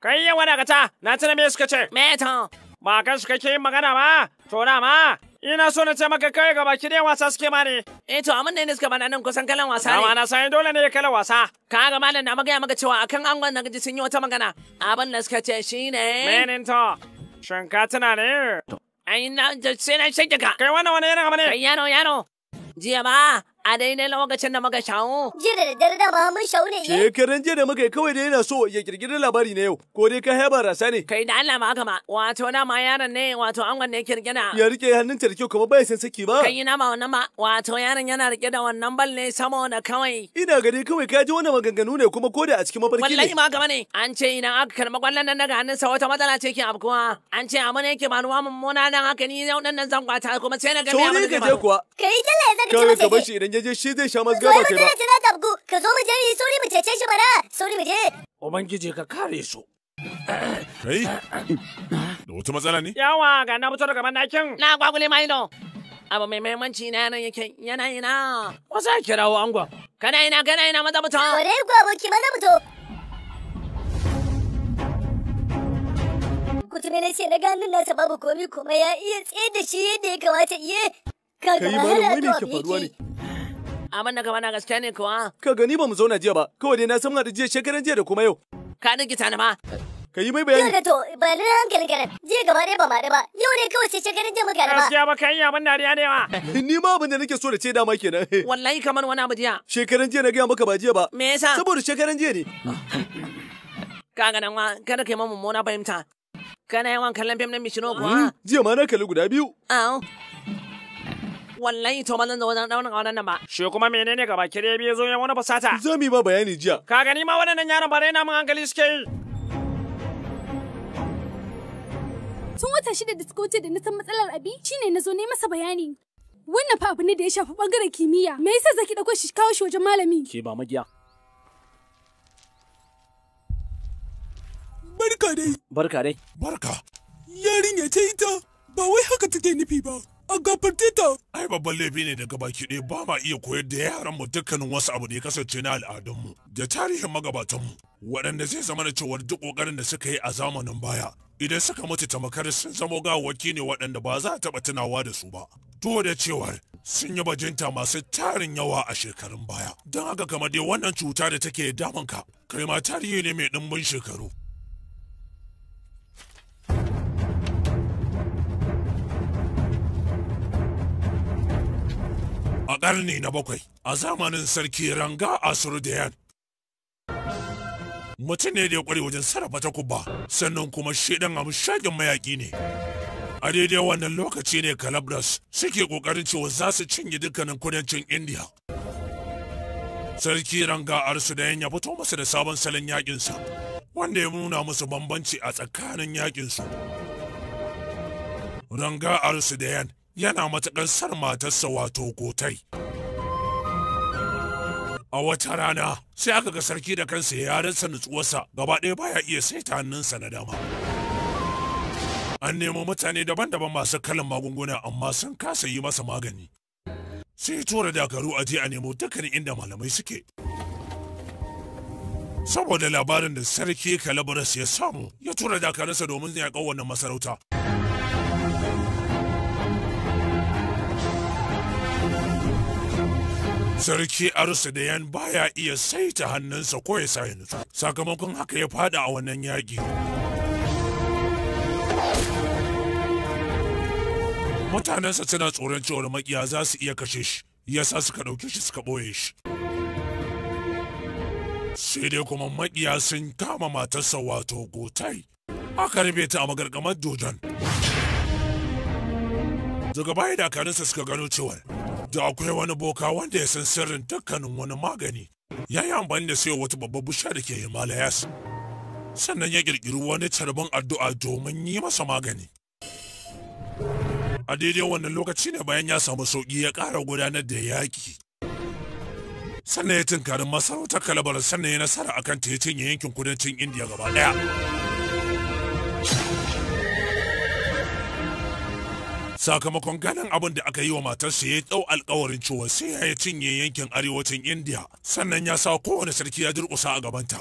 kai yawa ka ta na tana me suka ce me to ba kan suka ke magana ba to na ma Ina so na ce maka kai ga baki dai wasa suke mare. Eh to amma ne suka bana nan kusan kalan wasa ne. Amma na san dole ne kalan wasa. Ka ga malam na magaya maka cewa akan angon na gaji sun yi wata magana. Abin da suka ce shine. Menin to. Shin ka tana ne? Ai na sai na shakka ka. Kai wannan wani yana ne? Kai yano yano. Jiya ba a daidai lokacin da muka shawo. Jiya da daddare da ma mun shawo ne. Eh? Shekaran jiya da muka yi kawai da yana so ya kirkiri labari ne yau ko dai ka haiba rasa ne. Kai da Allah ma haka ma wato na ma yaron ne wato an wanne kirkina. Ya rike hannun ta kuma bai san saki ba. Kai na ma wannan ma wato yaron yana rike da wannan bal ne sama da kawai. Ina gari kawai ka ji wannan maganganu ne kuma ko da a cikin mafarki ne. Wallahi ma haka ne. An ce idan aka karɓi kwallon nan daga hannun sa wata matsala ce ke afkuwa. An ce amma ne ke manuwa mummuna nan haka ni yau dan nan zan kwata kuma sai na ga me abin Kai ka ya zaga ci ya je shi zai sha mazgaba kai ba. Zuwa tana tabgu, ka zo mu je mu yi sori mu cece shi bara, sori mu je. Ubangiji ka kare su. Kai? Da wata matsala ne? Yawa ga na fito daga bandakin. Na gwagule mai ino. Abu mai mahimmanci na yanan yake yana ina. Ko sai kirawo angon. Kana ina kana ina maza mutum. Wane ku aboki maza mutum. kutume na ce na ganin nasa babu komi kuma ya iya tsaye da shi yadda ya kamata iye. Ka yi malam wani ke faruwa ne. Abin da ka na gaskiya ne kuwa? Ka gani ba mu zauna jiya ba, kawai dai na san muna da jiya shekaran jiya da kuma yau. Ka rikita ni ma. Ka yi mai bayani. Yau to, ba ni ran gargaran. Jiya gaba ne ba ma ba. Yau ne kawai sai shekaran jiya muka ba. Gaskiya ba kan yi abin dariya ne ma. Ni ma abin da nake so da ce dama kenan. Wallahi kamar wani abu jiya. Shekaran jiya na gaya maka ba jiya ba. Me yasa? Saboda shekaran jiya ne. ga nan wa? kada ka yi mummuna fahimta. Kana yawan kallon fim na Mishino kuwa? Hmm? Jiya ma na kalli guda biyu. Ah. wallahi to manan da wannan daunin wannan nan ba shi kuma menene gaba kire biye zo ya wani fasata zami ba bayani jiya ka gani ma wannan yaron ba raina mun hankali suke yi tun wata shida da suka wuce da na san matsalar abi shine na zo ne masa bayani wannan fa abu ne da ya shafi bangaren kimiyya me yasa zaki dauko shi kawo shi wajen malami ke ba magiya barka dai barka dai barka yarinya ce ita ba wai haka take nufi ba a gafartita. Ai babban laifi ne daga baki ɗaya ba ma iya koyar da yaran mu dukkanin wasu abu da ya kasance na al'adunmu da tarihin magabatanmu waɗanda zai zama da cewar duk ƙoƙarin da suka yi a zamanin baya idan suka mutu tamakar sun zamo gawaki ne waɗanda ba za a taɓa tunawa da su ba. To da cewar sun yi bajinta masu tarin yawa a shekarun baya. Don haka kamar dai wannan cuta da take damunka, kai ma tarihi ne mai ɗimbin shekaru. a ƙarni na bakwai a zamanin sarki Ranga a Asurdiyan. Mutum ne da ya ƙware wajen sarrafa takuba sannan kuma shi ɗan amshagin mayaƙi ne. A daidai wannan lokaci ne Calabras suke ƙoƙarin cewa za su cinye dukkanin kudancin Indiya. Sarki Ranga dayan ya fito masa da sabon salon yaƙinsa wanda ya nuna musu bambanci a tsakanin yaƙinsu. Ranga dayan. yana matakan sar matarsa wato gotai. A wata rana sai aka ga sarki da kansa ya rasa nutsuwarsa gaba ɗaya baya iya saita hannunsa na dama. An nemo mutane daban-daban masu kalan magunguna amma sun kasa yi masa magani. Sai tura dakaru a je a nemo dukkanin inda malamai suke. Saboda labarin da sarki Kalabaras ya samu ya tura dakarunsa domin ya wannan masarauta. Sarki da yan baya iya saita hannunsa ko ya sa ya nutsu. Sakamakon haka ya fada a wannan yaki. Mutanensa suna tsoron cewar makiya za su iya kashe shi, yasa suka ɗauke shi suka ɓoye shi. Sai dai kuma makiya sun kama matarsa wato gotai. Aka rufe ta a magargamar dodon. Daga baya dakarunsa suka gano cewar da akwai wani boka wanda ya san sirrin dukkanin wani magani ya yi amfani da sayo wata babbar busha da ke himalayas sannan ya ƙirƙiri wani tarbin addu'a domin yi masa magani a daidai wannan lokaci ne bayan ya samu sauki ya ƙara gudanar da yaƙi sannan ya tunkarin masarautar kalabar sannan ya nasara akan titin yankin kudancin indiya gaba ɗaya sakamakon ganin abin da aka yi wa matarsa ya tsau alkawarin cewa sai ya cinye yankin arewacin indiya sannan ya sa kowane sarki ya durƙusa a gabanta.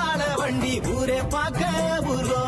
బండి ఊరే పాక ఊర్లో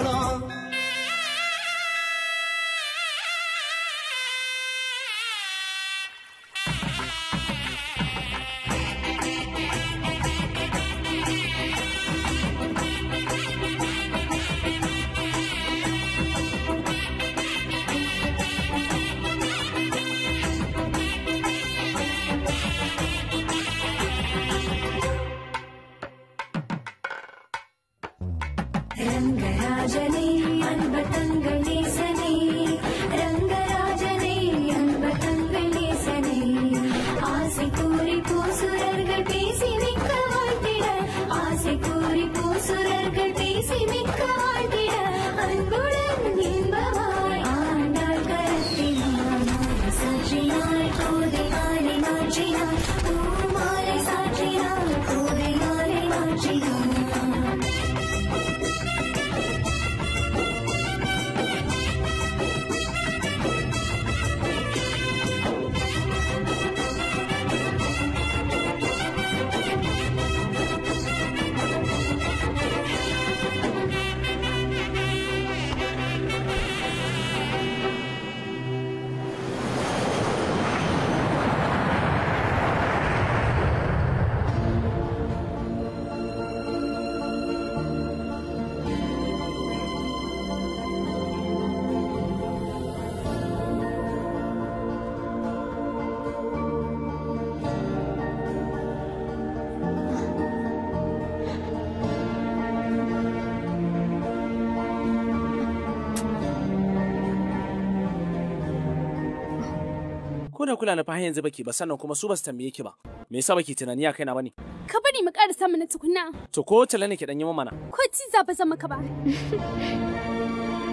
kula na fa yanzu baki ba sannan kuma su ba su tambaye ki ba. Me yasa baki tunani akai na bane? Ka bari mu samu na tukuna. To ko tala ne ki danyi mana. Ko ci za ba zama ka ba.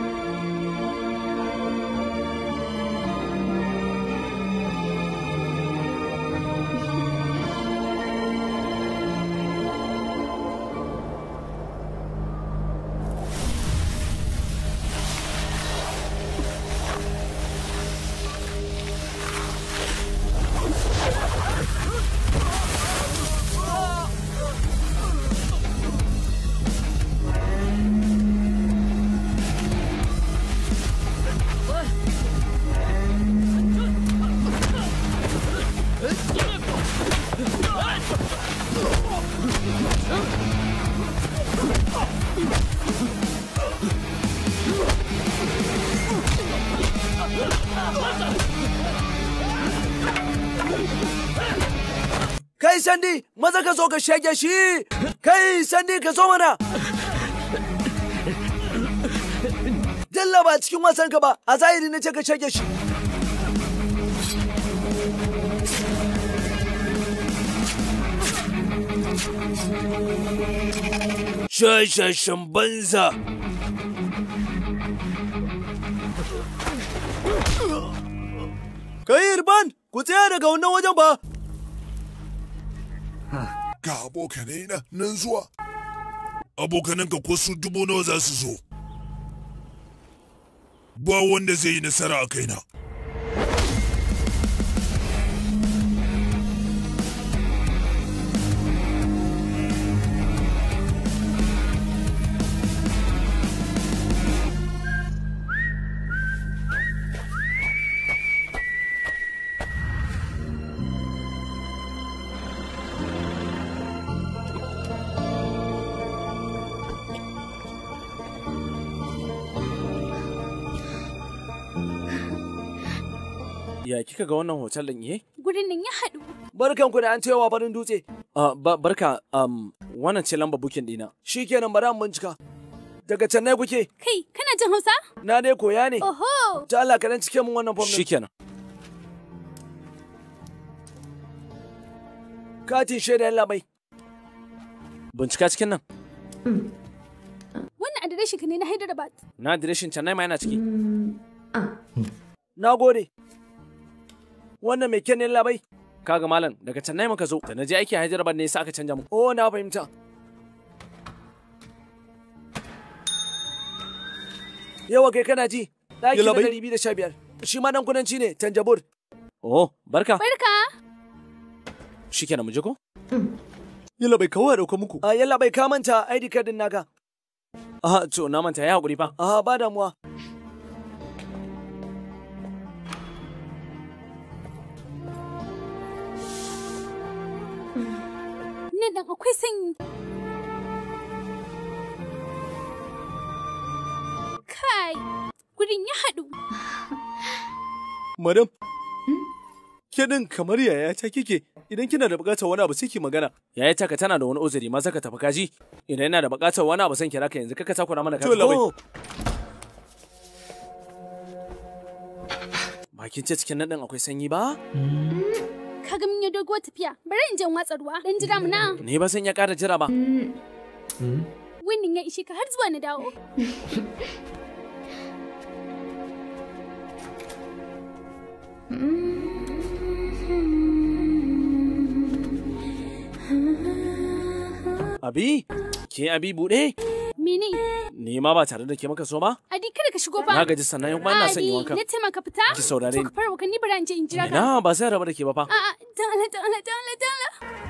maza ka zo ka shege shi kai sandi ka zo mana dalla ba cikin wasan ka ba a zahiri na ce ka shege shi Shashashan banza Kai Irban, ku tsaya daga wannan wajen ba! Ka abokanai na nan zuwa abokananka ko su dubu nawa za su zo ba wanda zai yi nasara a kaina kika ga wannan hotel din eh? Gurin nan ya haɗu. Barkan ku da an cewa farin dutse. Ah, barka um wannan ce lamba bukin dina. Shikenan bari an bincika. Daga can ne kuke? Kai, kana jin Hausa? Na dai koya ne. Oho. Ta Allah ka dan cike mun wannan form Shikenan. Katin shaida Allah bai. Bincika cikin nan. Wannan adireshin ka ne na Hyderabad. Na adireshin Chennai ma yana ciki. Hmm. Ah. Na gode. wannan mai kenan labai kaga malam daga can muka zo da naje aiki hajar ban ne sai aka canja mu oh na fahimta yawa kai kana ji daki na ɗari biyu da sha biyar shi ma dan kudanci ne tanjabur oh barka barka shi kenan mu je ko hmm. yalla bai kawo dauka muku a ah, yalla bai ka manta ID card din naka a to na manta ya hakuri fa a ba damuwa nan sanyi. Kai, gurin ya haɗu. Madam, ke kamar yayata kike idan kina da bukatar wani abu sai ki magana. Yayata ka tana da wani uzuri ma zaka tafi kaji idan yana da bukatar wani abu san kira ka yanzu kaka takura mana kaji. ba Bakin ce cikin nan akwai sanyi ba? Ka ga mun dogo tafiya. Bari in je watsa ruwa. Dan jira mu na. Ni ba san ya jira ba. Wannan ya ishe ka har zuwa na dawo. Abi, ke abi buɗe? Mene? Ni ma ba tare da ke maka so ba? A dikar ka shigo ba. Na gaji sannan yan ina son yi wanka. Na ce maka fita? Ki saurare ni. To ka fara wakanni bara in je in jira ka. Na ba sai raba da ke ba fa. A'a, dan Allah dan Allah dan Allah dan Allah.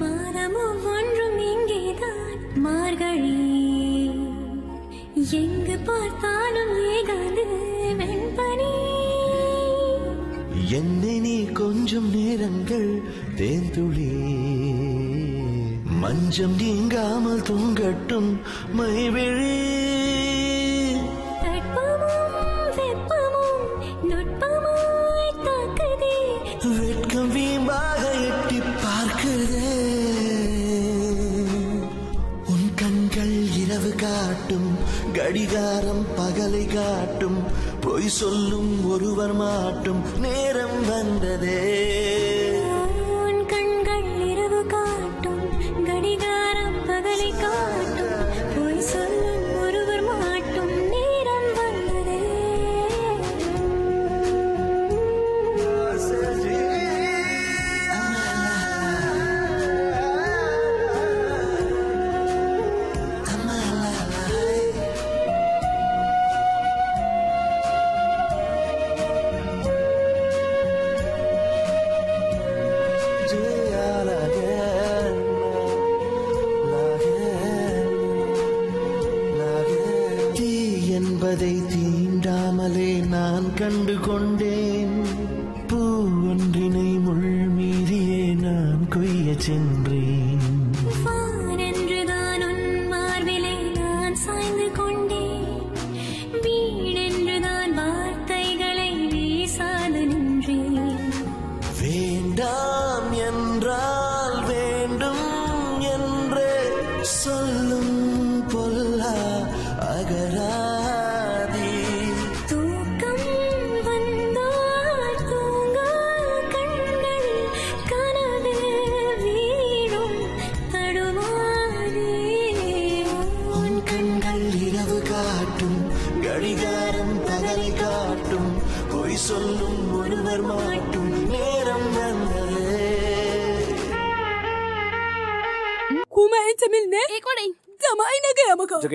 மனமும் ஒன்றும் இங்கேதான் மார்கழி எங்கு பார்த்தாலும் ஏகாந்து வெண்பனி என்னை நீ கொஞ்சம் நேரங்கள் தேந்துளே மஞ்சம் நீங்காமல் தூங்கட்டும் மைவிழி கடிகாரம் பகலை காட்டும் பொய் சொல்லும் ஒருவர் மாட்டும் நேரம் வந்ததே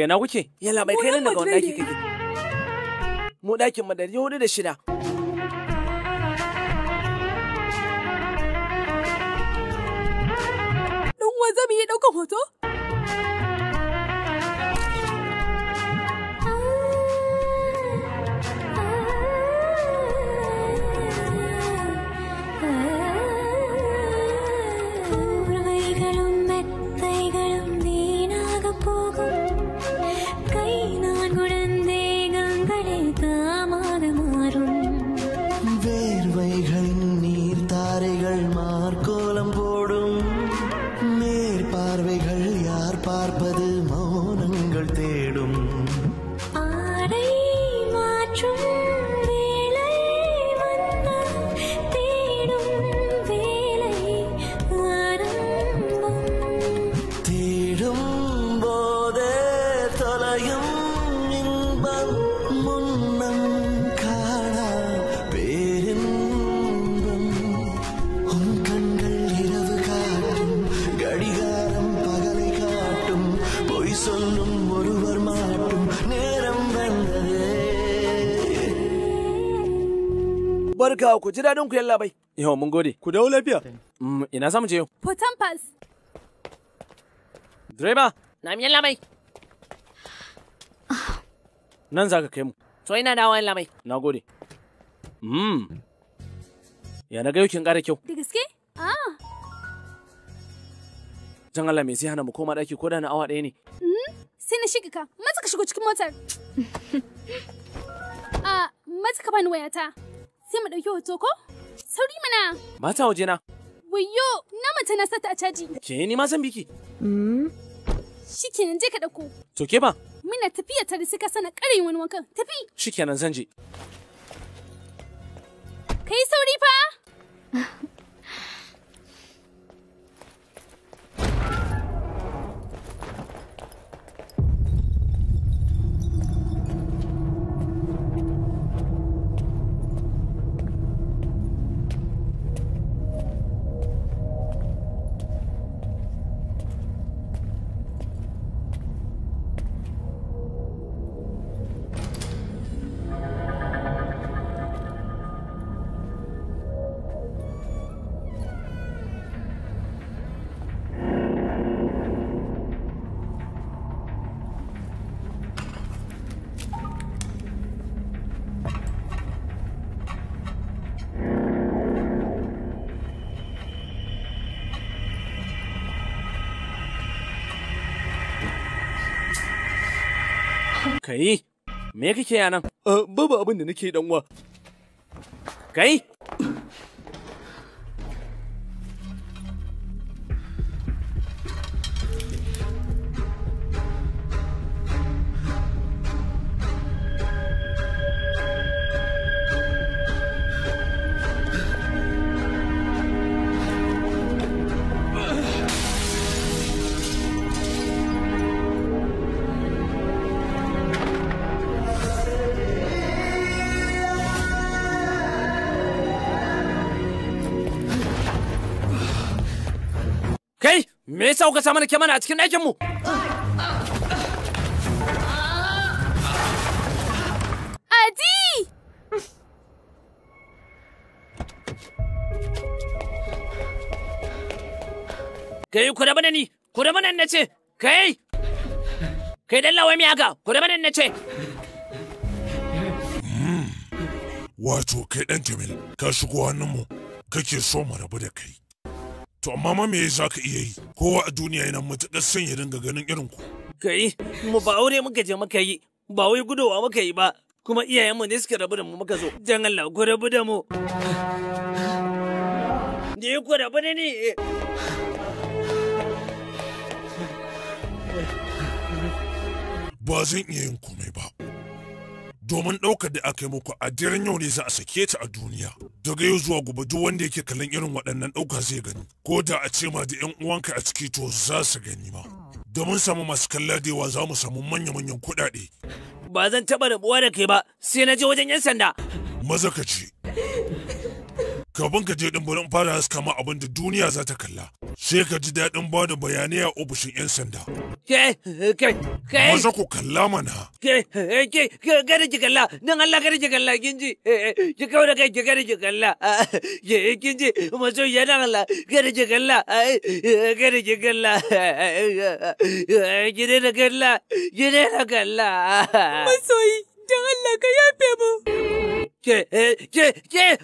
ina kuke? Yalla bai kai nan daga wani ɗaki kake. Mu ɗakin mu ɗari hudu da shida. barkawa ku ji daɗin ku yalla bai. Yawa mun gode. Ku dawo lafiya. Mm, ina samu je yau. Potan pass. Direba. Na mi yalla bai. Nan za ka kai mu. To ina dawo yalla bai. Na gode. Mm. Ya na ga yau kin ƙara kyau. Da gaske? Ah. Jan Allah me zai hana mu koma ɗaki ko da na awa ɗaya ne. Mm. Sai na shiga ka. Maza ka shigo cikin motar. Ah, maza ka bani wayata. sai mu ɗauki hoto ko? Sauri mana! Mata waje na. Wayo, na mace na sata a caji. Ke ni ma zan biki. Hmm? Shikenan je ka ɗauko. To ke ba? Muna tafiya tare suka ka sana ƙarin wani wankan. Tafi. Shikenan zan je. Kai sauri fa. Kai, me kake yana? Uh, eh, babu abin da nake dan uwa. Kai, yasa kuka sa mana a cikin ɗakin mu Adi! Kai ku da mana ni, ku da mana na ce, kai! Kai dan lawai haka, ku da mana na ce. Wato kai dan Jamil, ka shigo hannunmu, kake so mu rabu da kai. To amma ma me za ka iya yi? Kowa a duniya yana matuƙar son ya dinga ganin irin ku. Kai, mu ba aure muka je muka yi, ba wai gudowa muka yi ba, kuma iyayenmu ne suka rabu da mu muka zo. Dan Allah ku rabu da mu. Ne ku rabu da ni. Ba zan iya yin komai ba. domin ɗaukar da aka yi muku a daren yau ne za a sake ta a duniya daga yau zuwa gobe duk wanda yake kallon irin waɗannan ɗauka zai gani ko da a ce ma da ƴan uwanka a ciki to za su gani ma domin samu masu kalla da yawa za mu samu manya-manyan kuɗaɗe. ba zan taɓa rabuwa da kai ba sai na je wajen 'yan sanda. maza ka ce. kafin ka je din bari in fara haska ma abin da duniya za ta kalla sai ka ji daɗin ba da bayanai a ofishin 'yan sanda. ke ke ke Maza ku kalla mana. Kada ki kalla, nan Allah kada ki kalla kin ji. Ki kawo da kai ki kada ki kalla. Kin ji, maso ya dan Allah kada ki kalla. Kada ki kalla. Ki daina kalla, ki daina kalla. Masoyi, don Allah ka yafe mu. Eh, eh, eh,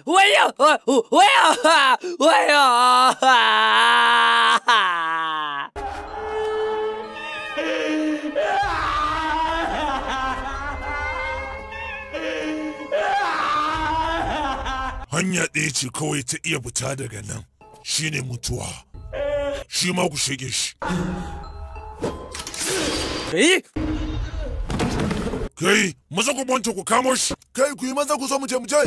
Hanya ɗaya ce kawai ta iya fita daga nan shi ne mutuwa. Shi ma ku shige shi. Kai, maza ku bonce ku kamo shi. Kai ku yi maza ku so mu je mu je.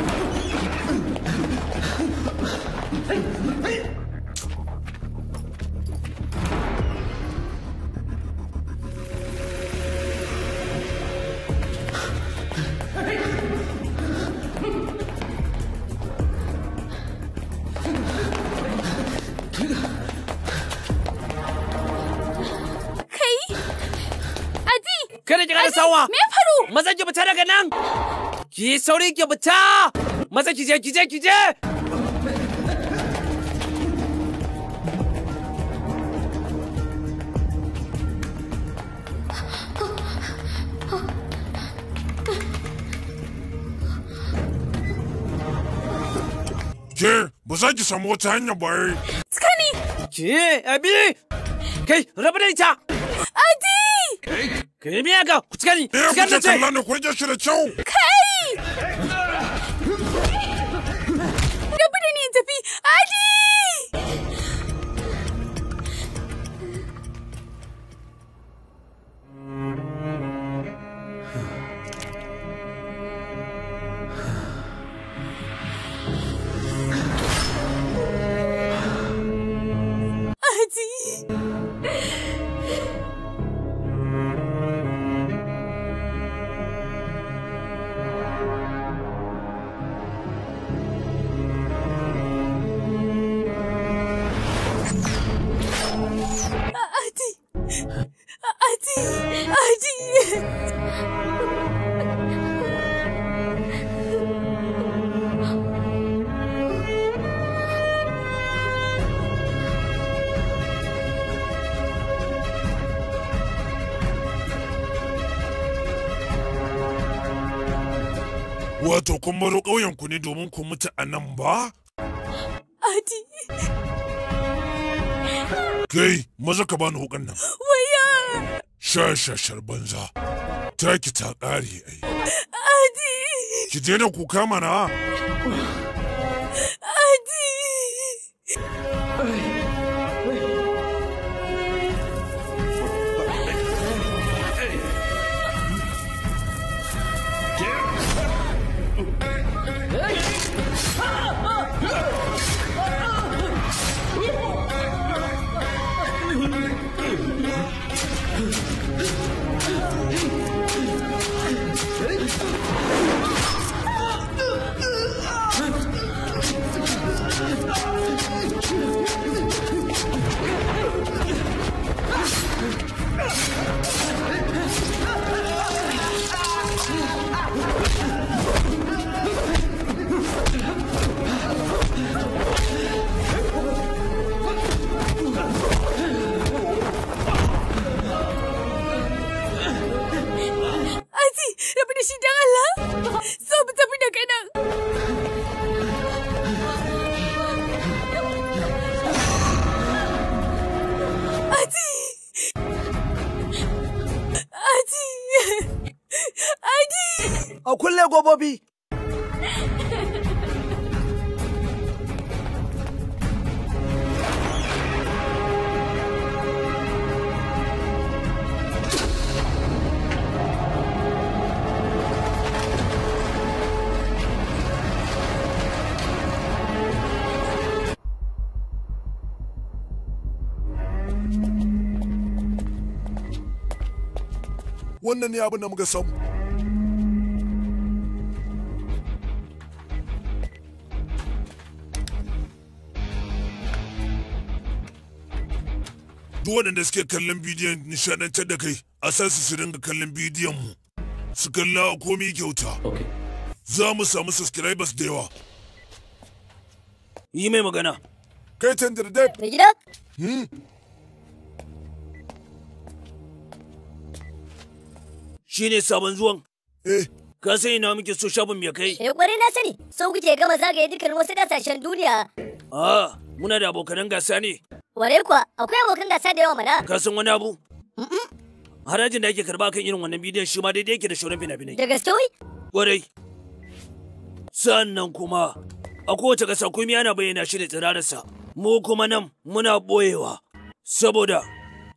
Kada ki ƙara sawa. Me faru? Maza ki fita daga nan. Ki sauri ki fita. Maza ki je ki je ki je. Ke, ba za ki samu wata hanya ba yi. Eh. Tsakani! Ke, abi! Kai, rabu da ita! Adi! くるみやがこっち側にこっち側になっちゃうなんでこれじゃ知れちゃうかい Rabu da ni tafi Ali! kun baro ƙauyenku ne domin ku mutu a nan ba? Adi. Kai, maza ka bani hukan nan. Waya! Shashashar banza. Taki ta ƙare ai. Adi! Ki daina kuka mana. Adi! Adi! agobobi. Wannan ne abin da muka samu. duk waɗanda suke kallon bidiyon nishadantar da kai a san su dinga kallon bidiyon mu su kalla a komi kyauta za mu samu subscribers da yawa yi mai magana kai tandir da hmm? shi ne sabon zuwan eh Ka sai na muke so shafin me kai? Eh kwarai na sani. Sau kuke gama zagaye dukkan wasu kasashen duniya. Ah, muna da abokan gasa ne. Ware kuwa, akwai abokan gasa da yawa mana. Ka san wani abu? Harajin da ake karba kan irin wannan bidiyon shi ma daidai yake da shoran fina-finai. Da gaske wai? Kwarai. Sannan kuma, a kowace ƙasa komai ana bayyana shi da tsirararsa. Mu kuma nan muna ɓoyewa. Saboda,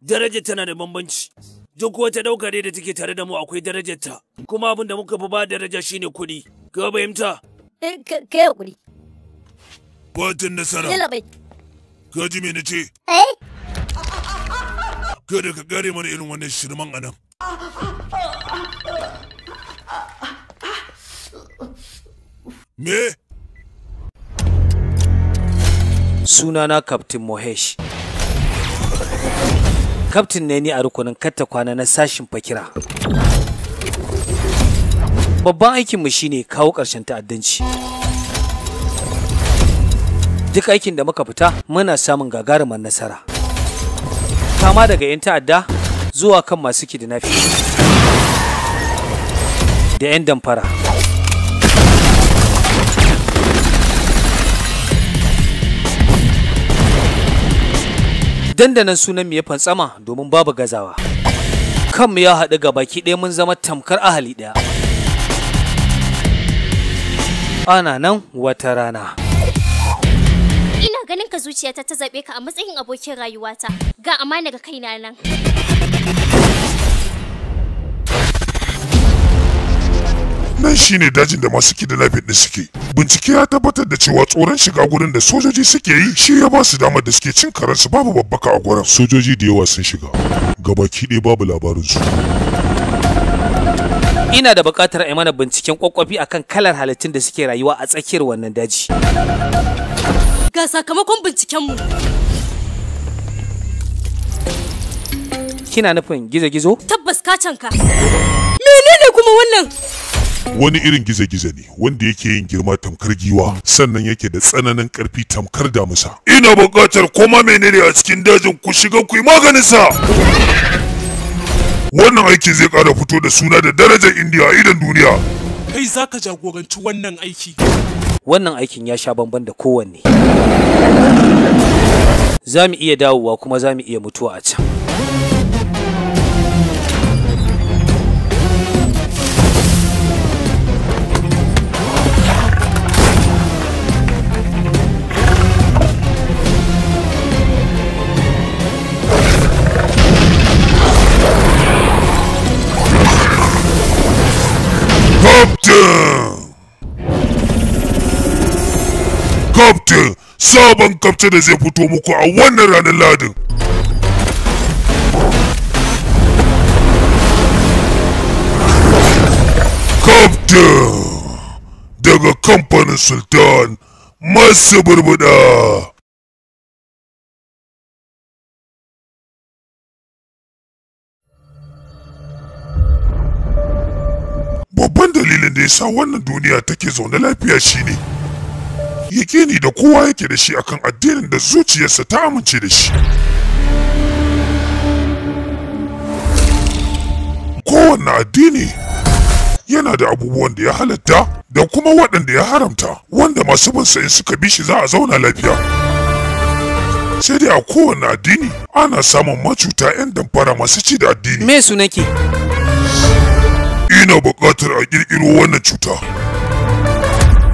daraja tana da bambanci. duk wata ɗaukar da take tare da mu akwai darajarta kuma abin da muka fi ba daraja shine kuɗi ka fahimta eh, yi kuɗi nasara. Ka ji me ce? Eh? Kada ka gare mana irin wannan shirman anan. Me? Sunana Captain Mohesh. kaftin ne ni a rukunin katta kwana na sashin fakira babban aikinmu shine kawo ƙarshen ta'addanci duk aikin da muka fita muna samun gagarumar nasara kama daga 'yan ta'adda zuwa kan masu kidnapping da 'yan damfara dandanan sunan mu ya fantsama domin babu gazawa kanmu ya haɗu ga baki ɗaya mun zama tamkar ahali ɗaya ana nan wata rana ina ganin ka zuciyata ta zaɓe ka a matsayin abokin rayuwata ga amana ga kaina nan nan shine dajin da masu kidnapping din suke bincike ya tabbatar da cewa tsoron shiga gurin da sojoji suke yi shi ya ba su damar da suke cin karansu babu babbaka a gurin sojoji da yawa sun shiga gabaki ɗaya babu labarin su ina da buƙatar a mana binciken kwakwafi akan kalar halittun da suke rayuwa a tsakiyar wannan daji ga sakamakon bincikenmu kina nufin gizo-gizo tabbas ka canka menene kuma wannan wani irin gize-gize ne wanda yake yin girma tamkar giwa sannan yake da tsananin karfi tamkar damusa ina buƙatar koma menene a cikin dajin ku shiga ku yi maganin sa wannan aikin zai ƙara fito da suna da darajar indiya a idan duniya kai zaka jagoranci wannan aiki wannan aikin ya sha bamban da kowanne za mu iya dawowa kuma za mu iya mutuwa a can Captain! Captain! Sabon Captain da zai fito muku a wannan ranar Ladin. Captain! Daga kamfanin Sultan masu burbuda. dalilin da ya wannan duniya take zaune lafiya shine yakini da kowa yake da shi akan addinin da zuciyarsa ta amince da shi kowanne addini yana da abubuwan da ya halatta da kuma waɗanda ya haramta wanda masu bin in suka bi shi za a zauna lafiya sai dai a kowanne addini ana samun macuta 'yan damfara masu ci da addini me su nake ina buƙatar a ƙirƙiro wannan cuta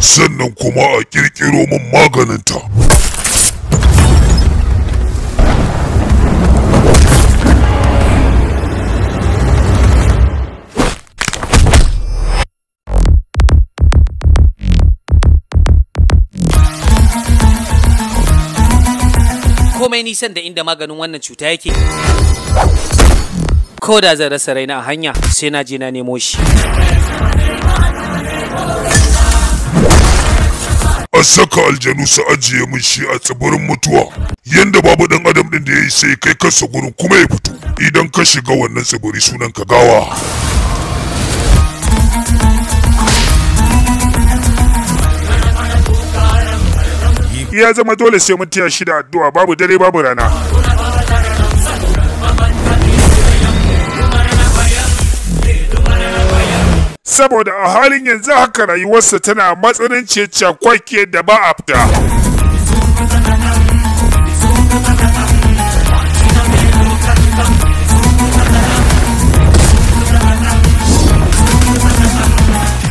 sannan kuma a ƙirƙiro min maganinta komai nisan da inda maganin wannan cuta yake ko da zan rasa raina a hanya sai na je na nemo shi a saka aljanu su ajiye min shi a tsibirin mutuwa yanda babu dan adam din da yayi sai kai kansa gurin kuma ya fito idan ka shiga wannan tsibiri sunan ka gawa ya zama dole sai mun taya addu'a babu dare babu rana saboda a halin yanzu haka rayuwarsa tana matsananciyar cakwake da ba a fita.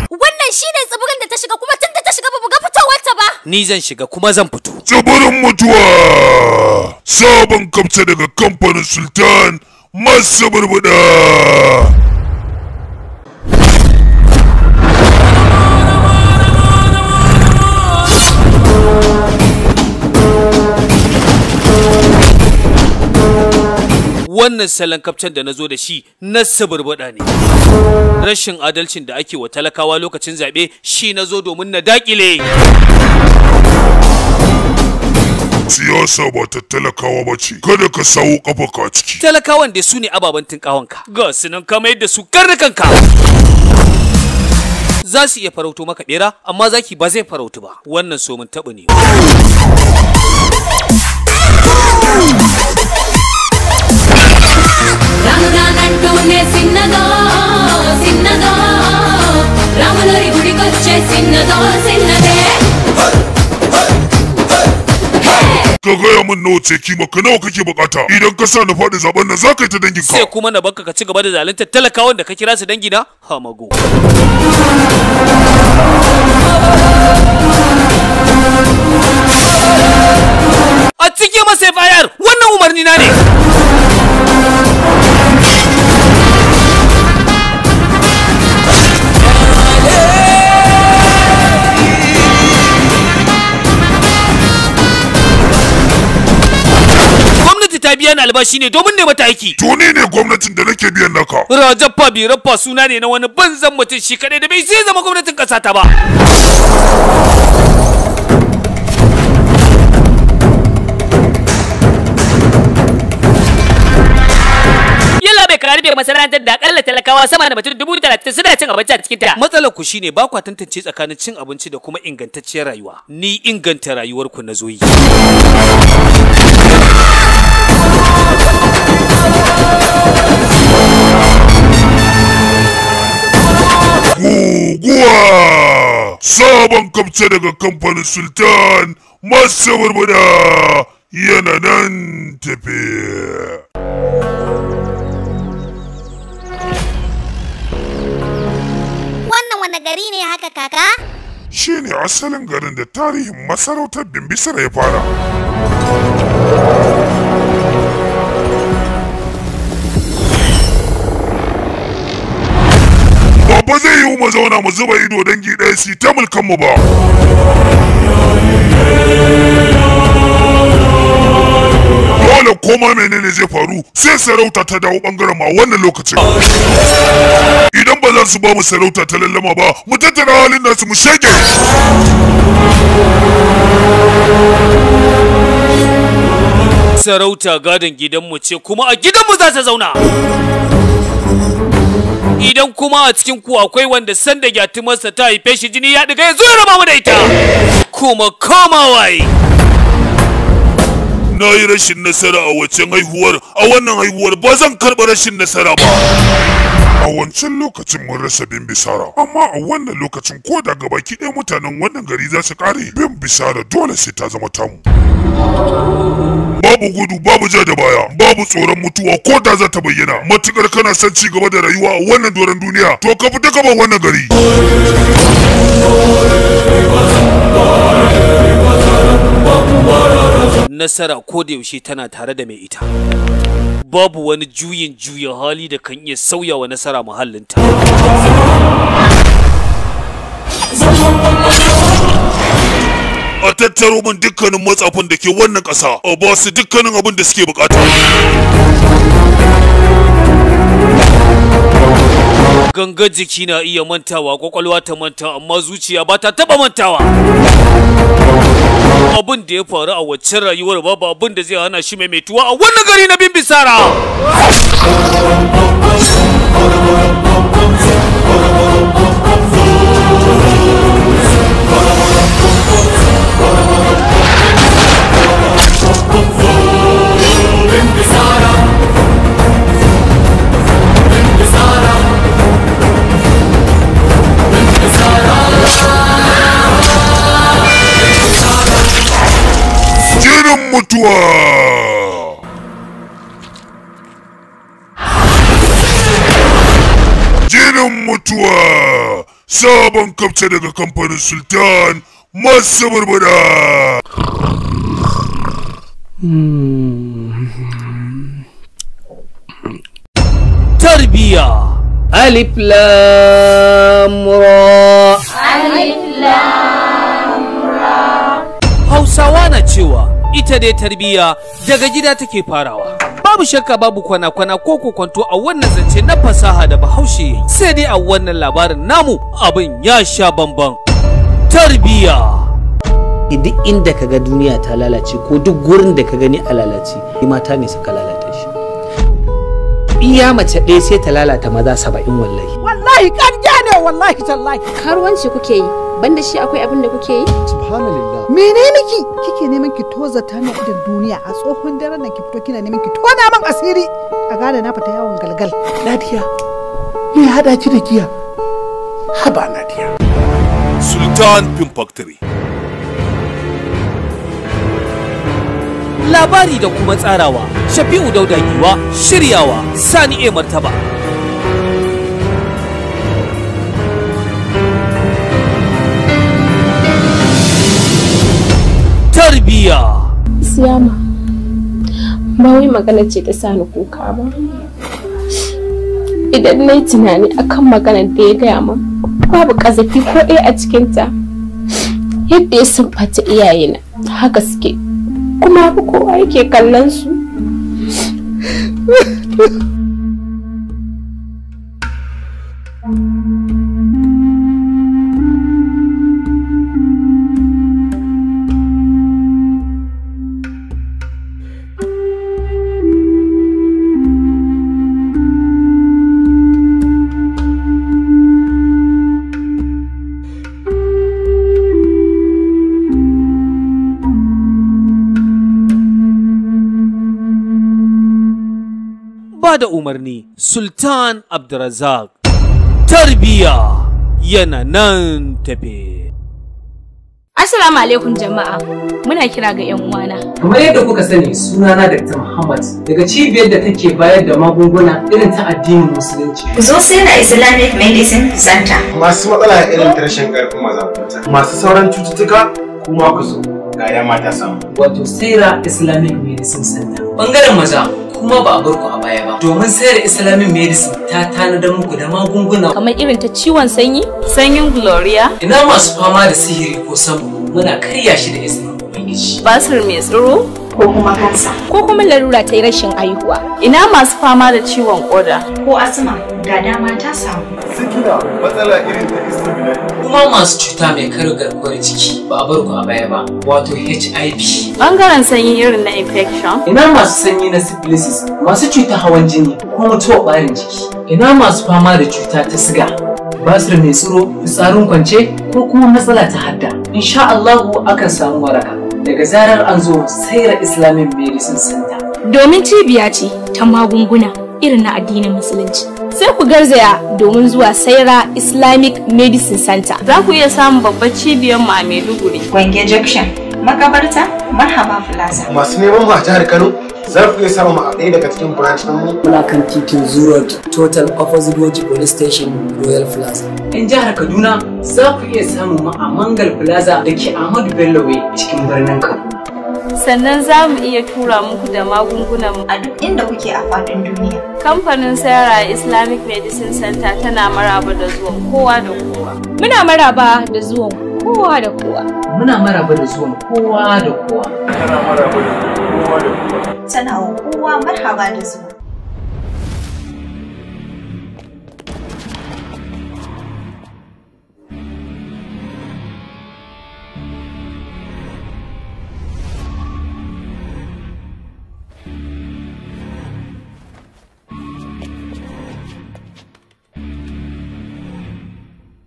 Wannan shi ne tsibirin da ta shiga kuma tun da ta shiga ba ga fitowarta ba. Ni zan shiga kuma zan fito. Tsibirin mutuwa! Sabon kamsa daga kamfanin Sultan masu burbuda! wannan salon kafcen da na zo da shi na suburbuɗa ne rashin adalcin da ake wa talakawa lokacin zabe shi na zo domin na daƙile siyasa ba ta talakawa ba ce kada ka sawo ka ciki talakawan da su ne ababen tinƙawanka ga su nan ka mayar da su kanka. za su iya farauto maka bera amma zaki ba zai farautu ba wannan so taɓa ne రానురానంటూనే సిన్నదో ka gaya min nawa ce kima ka nawa kake bukata idan ka sa na faɗi zaben nan za ka yi ta dangin ka sai kuma na banka ka ci gaba da zalunta talakawan da ka kira su dangi na hamago a cike masa fayar wannan umarni na ne gwamnati ta biyan albashi ne domin ne mata aiki to ne ne gwamnatin da nake biyan naka rajab fabi rabba suna ne na wani banzan mutum shi kadai da bai zai zama gwamnatin kasata ta ba rufe masana'antar da akalla talakawa sama da mutum dubu talatin suna cin abinci a cikinta. Matsalar ku shine ba kwa tantance tsakanin cin abinci da kuma ingantacciyar rayuwa. Ni inganta rayuwar ku na zoyi. Guguwa! Sabon kamce daga kamfanin Sultan masu yana nan tafiya. gari ne haka kaka? Shi ne asalin garin da tarihin masarautar Bimbisar ya fara. Babba zai yi mu zauna mu zuba ido dangi ɗaya su ta mulkanmu ba. dole koma menene zai faru sai sarauta ta dawo bangaren ma wannan lokacin idan ba za su ba mu sarauta ta lallama ba mu tattara halin nasu mu shege sarauta gadon gidanmu ce kuma a gidanmu za ta zauna idan kuma a cikin ku akwai wanda sanda gyatumarsa ta haife shi jini ya diga ya zo ya raba mu da ita kuma kama waye na yi rashin nasara a wancan haihuwar a wannan haihuwar ba zan karɓa rashin nasara ba a wancan lokacin mun rasa bin bisara amma a wannan lokacin ko da gaba ki ɗaya mutanen wannan gari za su ƙare bin bisara dole sai ta zama tamu babu gudu babu ja da baya babu tsoron mutuwa ko da za ta bayyana matukar kana son ci gaba da rayuwa a wannan doron duniya to ka fita gaban wannan gari Bambara nasara ko da yaushe tana tare da mai ita babu wani juyin juyin hali da kan iya sauya wa nasara muhallinta a tattaro min dukkanin matsafin da ke wannan ƙasa a ba su dukkanin abin da suke bukata gangar jiki na iya mantawa kwakwalwa ta manta amma zuciya ba ta taba mantawa abin da ya faru a waccan rayuwar babu abin da zai hana shi maimaituwa a wannan gari na bimbisara shirin mutuwa jirin mutuwa sabon kafce daga kamfanin sultan masu barbada tarbiya alif lamura alif lamura hausawa na cewa ita dai tarbiyya daga gida take farawa babu shakka babu kwana-kwana ko kwanto a wannan zance na fasaha da bahaushe sai dai a wannan labarin namu abin ya sha bamban tarbiyya duk inda ka ga duniya ta lalace ko duk gurin da ka gani a lalace mata ne suka lalata shi iya mace ɗaya sai ta lalata maza saba'in wallahi wallahi ƙarya ne wallahi tallahi karuwanci kuke yi banda shi akwai abin da kuke yi subhanallah mene miki kike neman ki toza ta na idan duniya a tsohon daren da ki fito kina neman ki tona man asiri a gane na fita yawon galgal nadiya me ya hada ki da giya haba nadiya sultan pin factory labari da kuma tsarawa shafi'u dauda giwa shiryawa sani e martaba tarbiya siyama ba wai magana ce ta sani kuka ba idan na yi tunani akan magana da ya gaya min babu ƙazafi ko ɗaya a cikinta yadda ya iyaye na haka suke kuma haka kowa yake kallon su bada umarni Sultan Abdulrazak tarbiya yana nan tafe. Assalamu alaikum jama'a muna kira ga 'yan uwana. Kamar yadda kuka sani sunana Dr. Muhammad daga cibiyar da take bayar da magunguna irin ta addinin musulunci. Zo sai na Islamic Medicine Center. Masu matsala irin ta rashin ƙarfin mazakuta. Masu sauran cututtuka kuma ku zo ga mata samu. Wato Sera Islamic Medicine Center. Bangaren maza kuma ba a bar ku a baya ba domin sayar islamic medicine ta tanadar muku da magunguna kamar irin ta ciwon sanyi sanyin gloria ina masu fama da sihiri ko sabu muna karya shi da izinin ubangiji basir mai tsiro ko kuma kansa ko kuma larura ta rashin aihuwa ina masu fama da ciwon koda ko asma ga dama ta samu sikila matsala irin ta istimila kuma masu cuta mai kare garkuwar jiki ba bar ku a baya ba wato hiv bangaren sanyi irin na infection ina masu sanyi na syphilis masu cuta hawan jini ko mutuwar bayan jiki ina masu fama da cuta ta siga da mai tsiro fitsarin kwance ko kuma matsala ta hadda insha Allahu akan samu waraka daga zarar an zo saira islamic medicine center domin cibiya ce ta magunguna irin na addinin musulunci sai ku garzaya domin zuwa saira islamic medicine center za ku iya samun babbar cibiyar mu a maiduguri gwange junction makabarta marhaba plaza masu neman ba jihar kano za ku iya samun a ɗaya daga cikin branch mu. Muna kan titin Zoo Total Opposite Waji Police Station, Royal Plaza. Yan jihar Kaduna za ku iya samun mu a Mangal Plaza da ke Ahmadu Bello cikin birnin Kaduna. Sannan za mu iya tura muku da magungunan a duk inda kuke a faɗin duniya. Kamfanin Sayara Islamic Medicine Center tana maraba da zuwan kowa da kowa. Muna maraba da zuwan kowa da kowa. Muna maraba da zuwan kowa da kowa. Muna maraba da zuwan kowa da kowa. tana wa kowa marhaba da zuwa.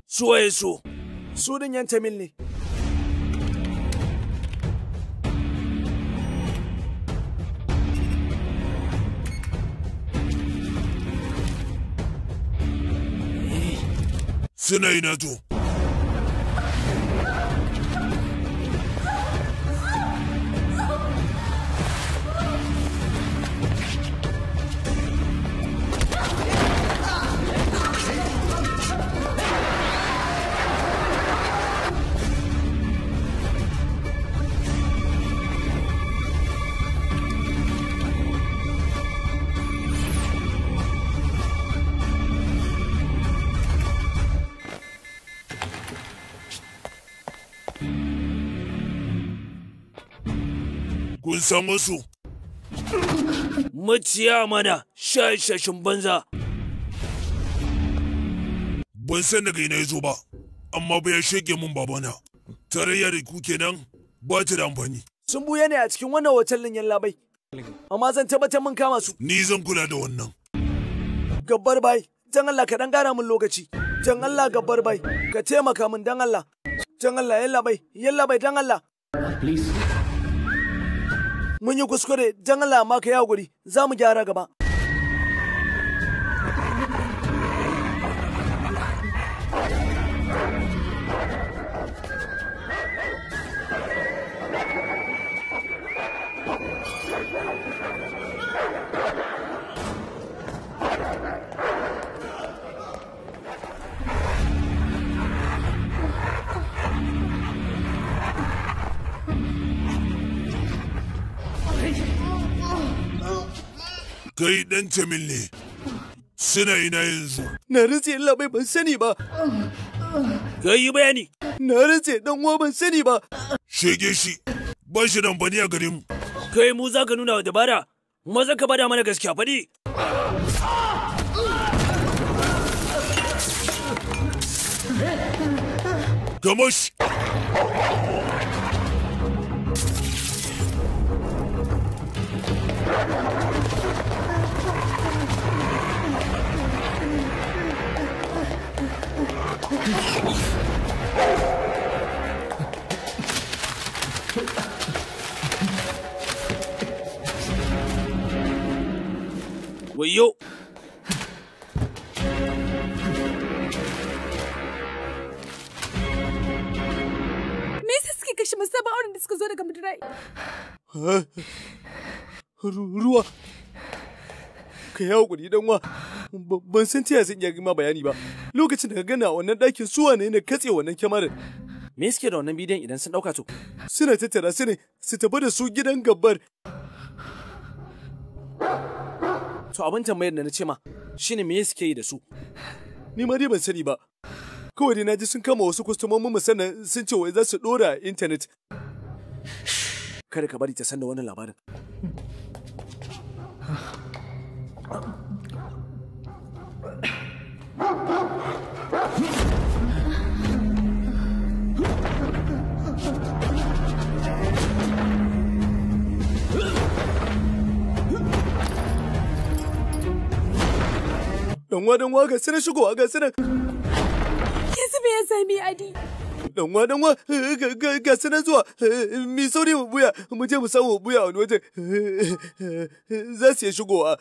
Suwaye su, su din yan tamil ne. suna ina to samu musu. Maciya mana shashashin banza. Ban san daga ina zo ba, amma bai ya shege mun babana. Tarayya da ku kenan ba ta da amfani. Sun buya ne a cikin wannan hotel ɗin bai. Amma zan tabbatar mun kama su. Ni zan kula da wannan. Gabbar bai, dan Allah ka dan gara min lokaci. Dan Allah gabbar bai, ka taimaka min dan Allah. Dan Allah yalla bai, yalla bai dan Allah. Please. mun yi kuskure jan Allah ma ka yi guri za mu gyara gaba Kai ɗan Jamil ne. Suna ina yanzu. Na rantse Allah bai ban sani ba. Ka yi bayani. Na rantse dan uwa ban sani ba. Shege shi. Ba shi dan bani a gare mu. Kai mu za ka nuna wa dabara. Maza ka bada mana gaskiya faɗi. Gamash! Thank you. Wayo! suke kashe musamman auren da suka zo daga Madurai? Ruwa! ka yi haƙuri dan wa ban san ta zan iya ma bayani ba lokacin da ka gana a wannan ɗakin su wane ne katse wannan kyamarin. me suke da wannan bidiyon idan sun ɗauka to suna tattara su ne su tafi da su gidan gabbar to abin tambayar da na ce ma shine me suke yi da su ni ma dai ban sani ba kawai dai naji sun kama wasu kwastomomi mu sannan sun ce wai za su ɗora intanet kada ka bari ta san da wannan labarin Dan wadan wa ga sinan shigowa ga sinan. ya sami Adi? Dan wadan ga sinan zuwa mi sauri mu buya mu je mu samu buya wani Za su iya shigowa.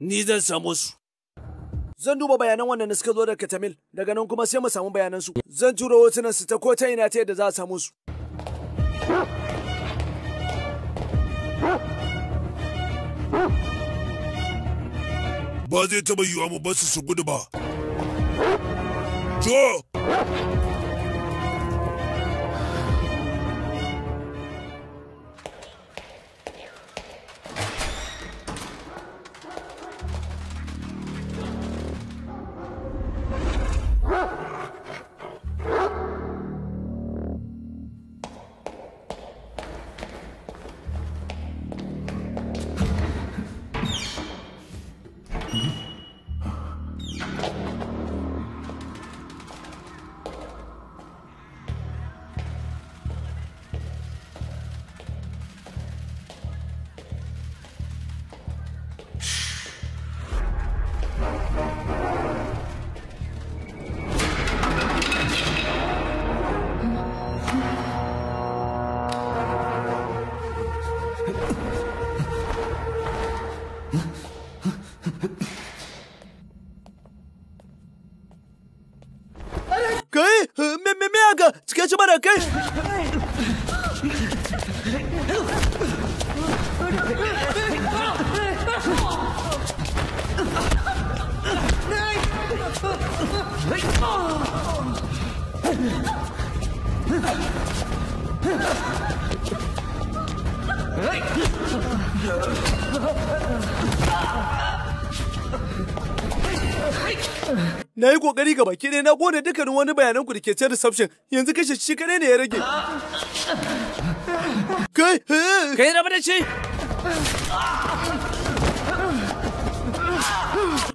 Nida Samus. Zan duba bayanan wannan da suka zo daga Tamil, daga nan kuma sai mu samu bayanan su. Zan turo hotunan su ta ko ta ina ta yadda za a samu su. Ba zai taɓa yiwa mu basu su gudu ba. Joe! Kees! na yi kokari ga baki ɗaya na gode dukkanin wani bayanan ku da ke can reception yanzu kashe shi kadai ne ya rage kai eh. kai raba da shi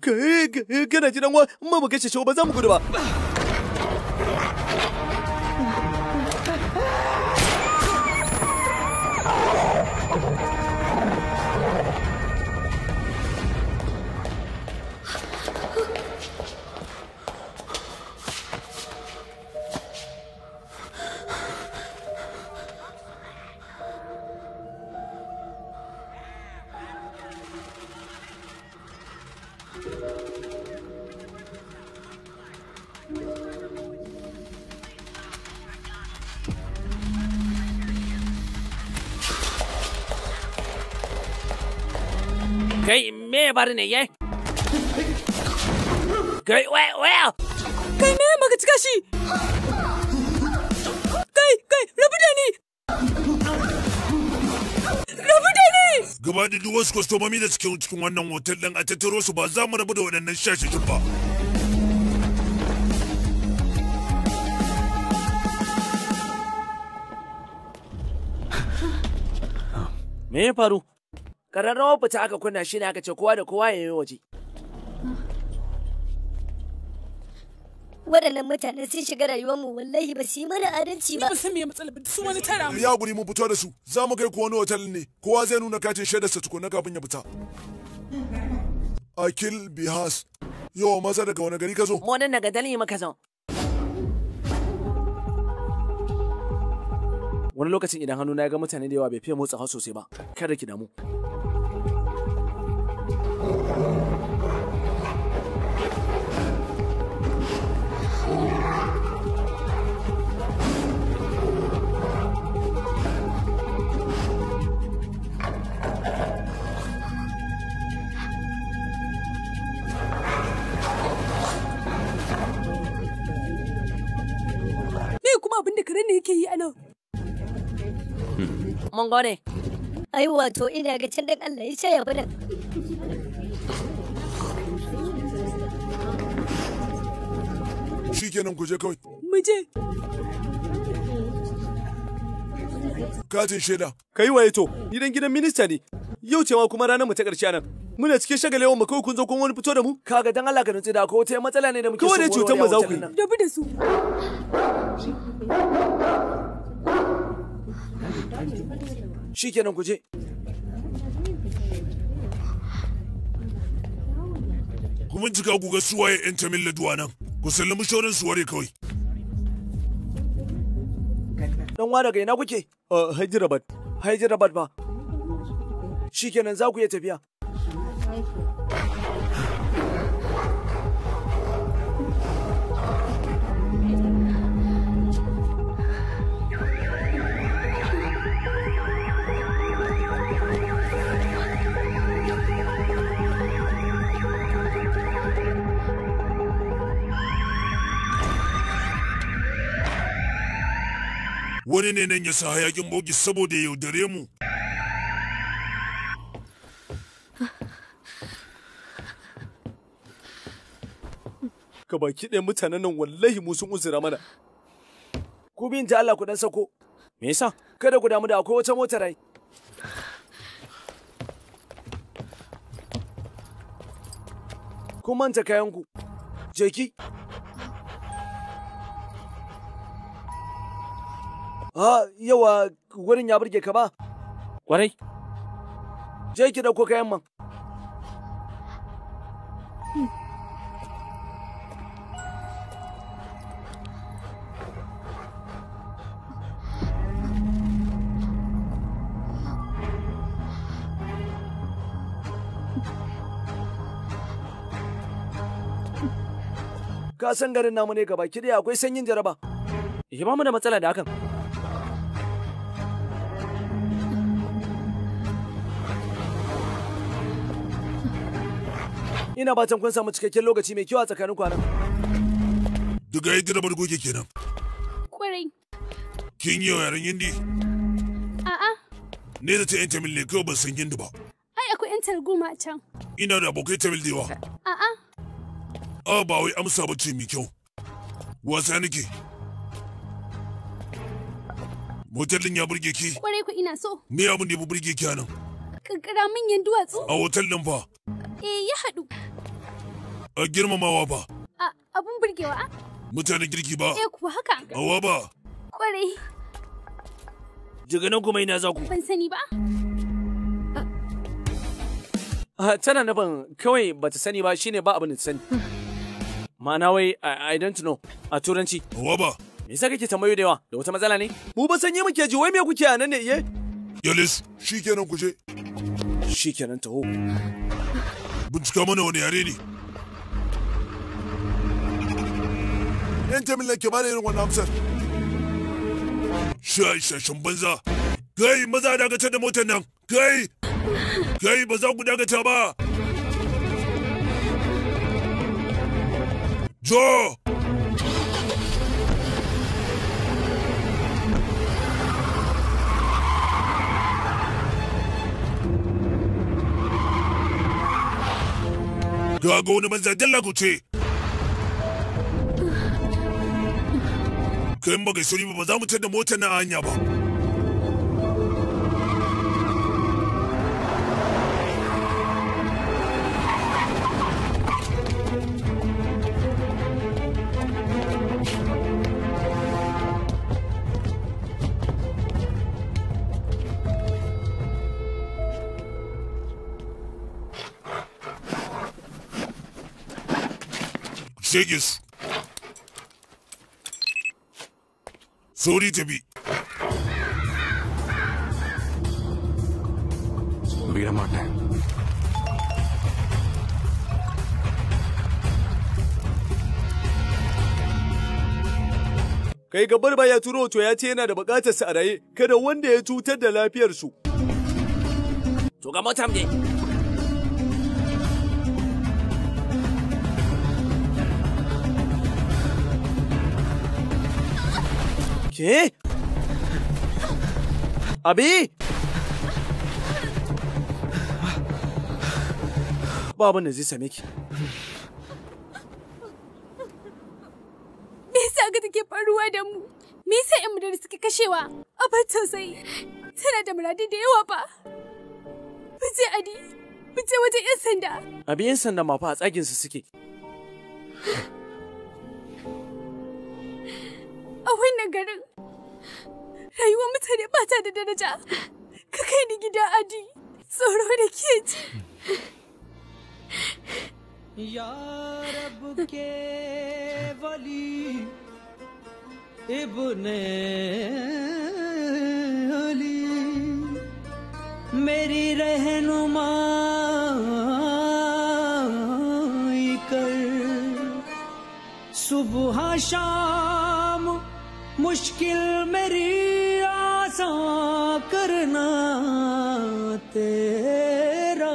kai eh, kana ji dan wa in ba mu kashe shi ba za mu gudu ba バルねイエイグイウェイウェアガイメンマが近しいガイガイラブダニ Rabu da ni! Gaba da duk wasu kwastomomi da suke cikin wannan hotel ɗin a tattaro su ba za mu rabu da waɗannan shashakin ba. Me ya faru? Ƙararrawar fita aka kunna shi ne aka ce kowa da kowa ya yi waje. Waɗannan mutanen sun shiga rayuwar mu wallahi ba su yi mana adalci ba. Ba san me matsala ba su wani tara. Ya guri mu fito da su. Za mu kai ko wani otal ne. Kowa zai nuna katin shaidar sa tukunna kafin ya fita. Akil Bihas. Yau maza daga wani gari ka zo? Mo nan daga Delhi maka zo. wani lokacin idan hannu na ga mutane da yawa bai fiye motsawa sosai ba kada ki damu kuma abin da ne yake yi a nan. Mun gode. Ai wato ina ga can dan Allah ya shaya bana. Shi kenan ku je kawai. Mu je. Katin shaida. Kai waye to, ni dan gidan minista ne. Yau cewa kuma ranar mu ta ƙarshe nan. Muna cikin shagale yawan mu kawai kun zo kun wani fito da mu? Kaga dan Allah ka nutse da akwai wata matsala ne da muke so. Kawai da cutar mu za ku yi. Dabi da su. shi kenan ku je ku bincika ku ga suwaye 'yan tamil laduwa nan ku sallami shorin suware kawai dan wa daga ina kuke hajji uh, rabat hajji rabat ba shikenan za ku iya tafiya wani ne nan ya sa hayakin bogi saboda ya yaudare mu ka baki ɗaya mutanen nan wallahi mu sun uzura mana ku bin ji Allah ku dan sako me yasa kada ku damu da akwai wata motar rai kun manta kayanku jeki Ah, yawa wurin ya burge ka ba? Kwarai. Je ki dauko kayan man. Ka san garin namu ne gaba ki akwai sanyin jaraba. Yi ba mu da matsala da hakan. Ina batan kun samu cikakken lokaci mai kyau a tsakanin kwanan. Daga yadda da goge kenan. Kwarai. Kin yi wa yaren yindi? A'a. Ne da ta yan tamil ne kawai ban san yindi ba. Ai akwai yan targuma a can. Ina da abokai tamil da yawa. A'a. A ba wai amsa ba ce mai kyau. Wasa nake. Motar din ya burge ki? Kwarai ku ina so. Me abin da ya burge ki nan? Kankara manyan duwatsu. A hotel din fa. Eh ya haɗu. A girmamawa ba. A abun burgewa mutane Mutanen ba. Eh kuwa haka. Awa ba. Kwarai. Daga nan kuma ina za ku. Ban sani ba. Ah, tana nufin kawai ba ta sani ba shine ba abin da ta sani. Ma'ana wai I don't know a turanci. Awa ba. Me yasa kake tambayo da yawa? Da wata matsala ne? Mu ba sanye muke ji wai me kuke a nan ne iye? Eh? Yalis, shikenan ku je. Shikenan taho. bincika mana wani yare ne yan jamila ke bada irin wani amsar shai shashin banza kai maza dagatar da motar nan kai kai ba za ku dagata ba Joe! Ka wani banza dalla ku ce. Kai ba gaisuri ba ba za mu tada motar na hanya ba. Shege Sorry, Sauri tafi. വിടമാട്ടേ kai gabar ba ya turo to ya ce yana da bukatar sa a raye kada wanda ya cutar da lafiyar su. to ga matam dai के abi? baban da same ki. Me yasa ga take faruwa da mu? Me yasa ƴan da suke kashewa? Abar tausayi. Tana da muradi da yawa ba. Mu je Adi, mu je wajen 'yan sanda. Abi 'yan sanda ma fa a tsaginsu suke. awinagara rayuwar mutane ba ta da daraja ka kai ni gida adi tsoro da ke ji ya rab ke wali ibne ali meri rehnuma कर सुबह शाम मुश्किल मेरी आसान करना तेरा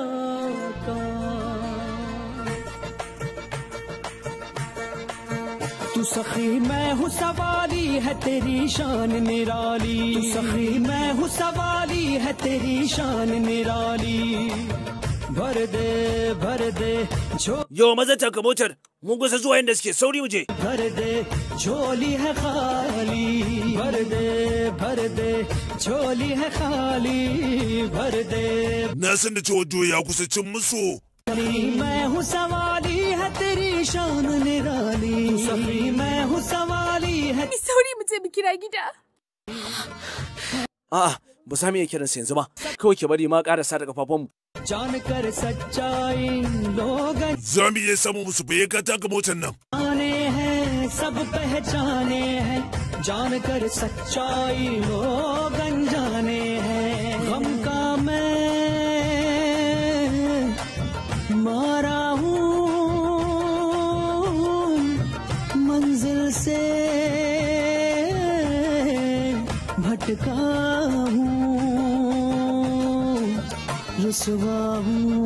का तू सखी मैं हूँ सवाली है तेरी शान निराली तू सखी मैं हूँ सवाली है तेरी शान निराली bar de bar de yo maza taka motar mun gusa zuwa inda suke sauri muje bar de choli hai khali bar de bar de choli hai khali bar de na san da cewa doya kusa cin musu मैं हूँ सवाली है तेरी शान निराली सभी मैं हूँ सवाली है सॉरी मुझे gida. जा ah, ba za mu iya kiran sa yanzu ba kawai ki bari ma karasa da kafafun mu जानकर सच्चाई लोग जाम ये सब उस बेगता का मोचन नाम आने हैं सब पहचाने हैं जानकर सच्चाई लोग अनजाने हैं गम का मैं मारा हूँ मंजिल से भटका da su babu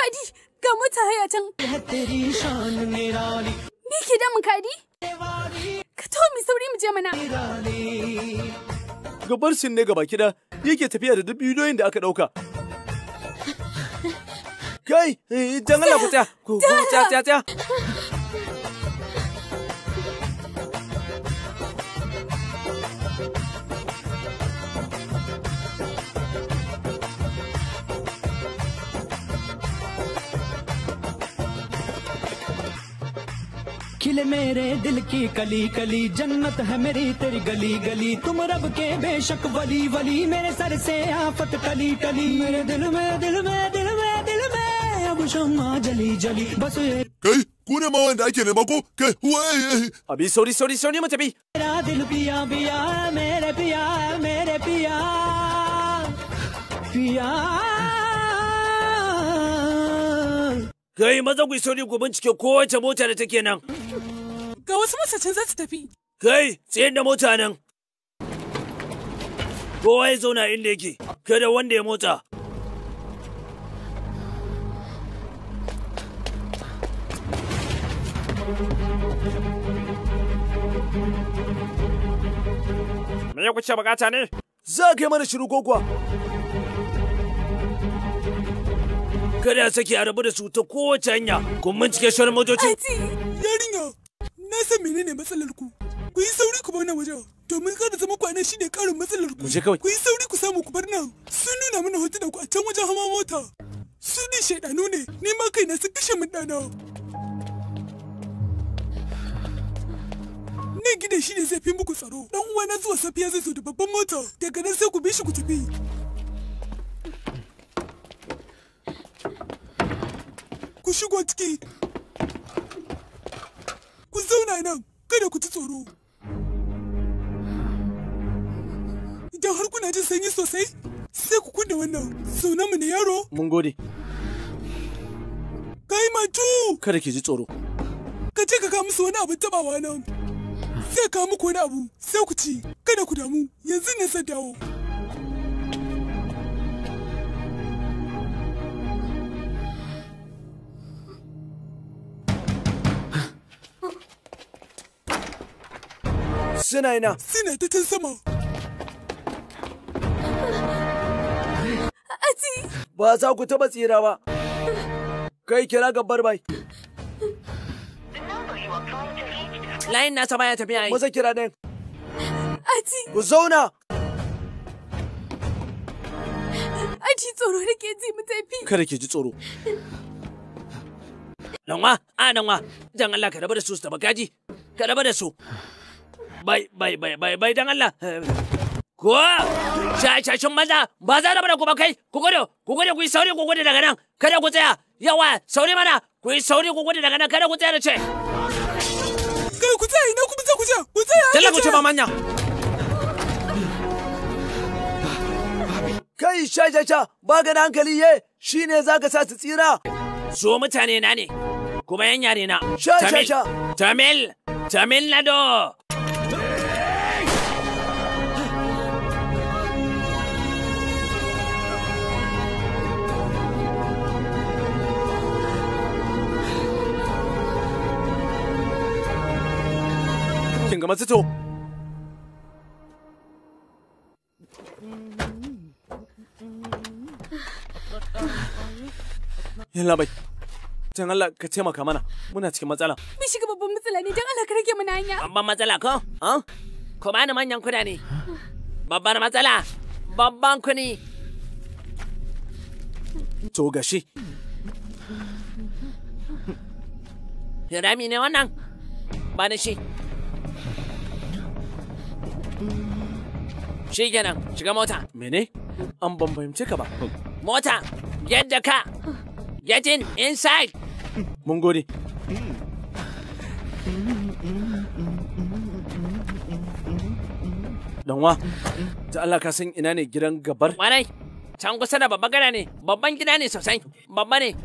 hadi ga mutu haya can me ke damun kadi ka to mi sauri mu je mana gabar sin ne gaba kida ke tafiya da duk doyin da aka dauka kai eh, dan Allah ku tsaya ku tsaya tsaya दिल मेरे दिल की कली कली जन्नत है मेरी तेरी गली गली तुम रब के बेशक वली वली मेरे सर से आफत टली टली मेरे दिल में दिल में दिल में दिल में अब शम्मा जली जली बस ये कई ने के हुए अभी सॉरी सॉरी सॉरी मत अभी मेरा दिल पिया पिया मेरे पिया मेरे पिया पिया Kai maza ku sauri ku bincike kowace mota da take nan. Ga wasu masacin za su tafi. Kai tsayin da mota nan. Kowa ya zauna inda yake, kada wanda ya motsa. Me ya kuce bukata ne? Za ka yi mana shiru ko kuwa? Kada sake a rabu da su ta kowace hanya, kun bincike shirin mojoci. Yarinya, na san menene matsalar ku. Ku yi sauri ku bar nan wajen. Domin kada zama kwana shine karin matsalar ku. Ku yi sauri ku samu ku bar nan. Sun nuna mana hotunan ku a can wajen hama mota. Su ne shaidanu ne, ni ma kaina sun kashe min ɗana. Nan gidan shine zai fi muku tsaro. Dan uwa na zuwa safiya zai zo da babban mota. Daga nan sai ku bi shi ku tafi. Ku shigo ciki. Ku zauna nan, kada ku ji tsoro. Idan har kuna jin sanyi sosai, sai ku kunna wannan sunan mu ne yaro. Mun gode. Kai matu! Kada ki ji tsoro. Ka ce ka kawo musu wani abun tabawa nan. Sai ka muku wani abu, sai ku ci, kada ku damu, yanzu ne zan dawo. Suna ina. Suna ta can sama. Ati. Ba za ku taɓa tsira ba. Kai kira gabar bai. Layin na sama ya tafi yayi. Maza kira ɗin. Ati. Ku zauna. Ati tsoro da ke ji mu tafi. Kada ke ji tsoro. nanwa a nanwa dan Allah ka raba da su su taɓa kaji ka raba da su. Bai, bai, bai, bai, bai, don Allah. Ko, shashashin maza, ba za da mana kuma kai, ku gudu, ku gudu, ku yi sauri, ku gudu daga nan, kada ku tsaya, yawa, sauri mana, ku yi sauri, ku gudu daga nan, kada ku tsaya da ce. Kai ku tsaya, ina ku bisa ku tsaya, ku tsaya. ku ce mamanya. Kai shashasha, ba ga hankali ye, shi ne za ka sa su tsira. Su mutane na ne, kuma yan yare na. Shashasha. Tamil, Tamil Nadu. が待つと yalla bai can Allah ka taimaka mana muna cikin matsala mun shiga babban matsala ne don Allah ka rage mana hanya babban matsala ko ha ko ba ni manyan kuda ne babban matsala babban kuni to gashi rami ne wannan ba ni shi Shi kenan, shiga mota. Mene? An ban fahimce ka ba. Mota, yadda ka. Get in, inside. Mun gode. Danwa, ta Allah ka san ina ne gidan gabar? Wanai, can kusa da babban gida ne, babban gida ne sosai, babba ne.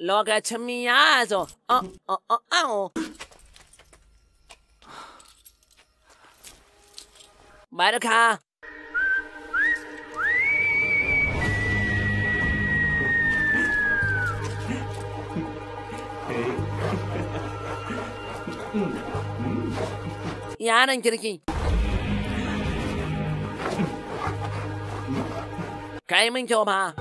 Logaritmiazo. Oh, oh, oh, oh. Madoka. Yarın kirki. Kaymin çoba.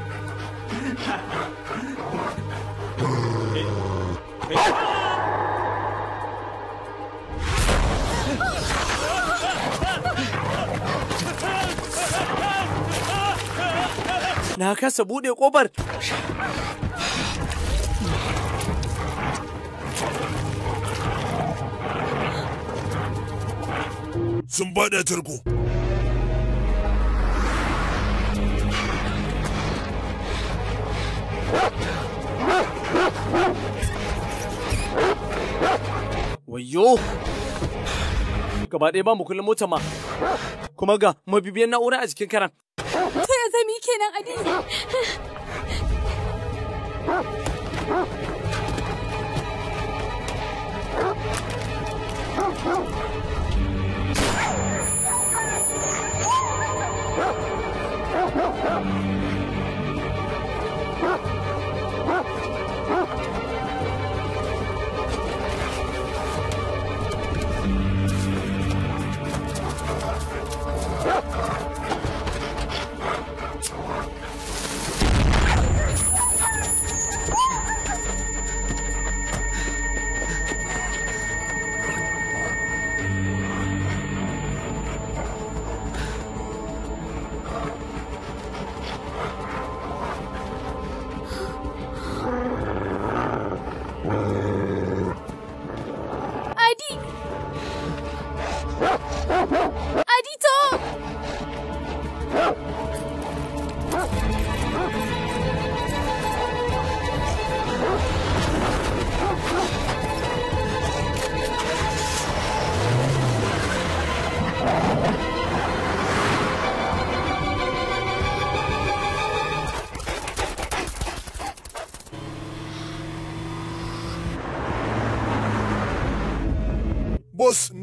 Na kasa buɗe ƙofar. Sun bada tarko. Woo! Wayo! Gaba ɗaya ba mu kullum motar ma. Kuma ga mabibiyan na'ura a jikin karan. To ya zami kenan Adi. Help, help, help.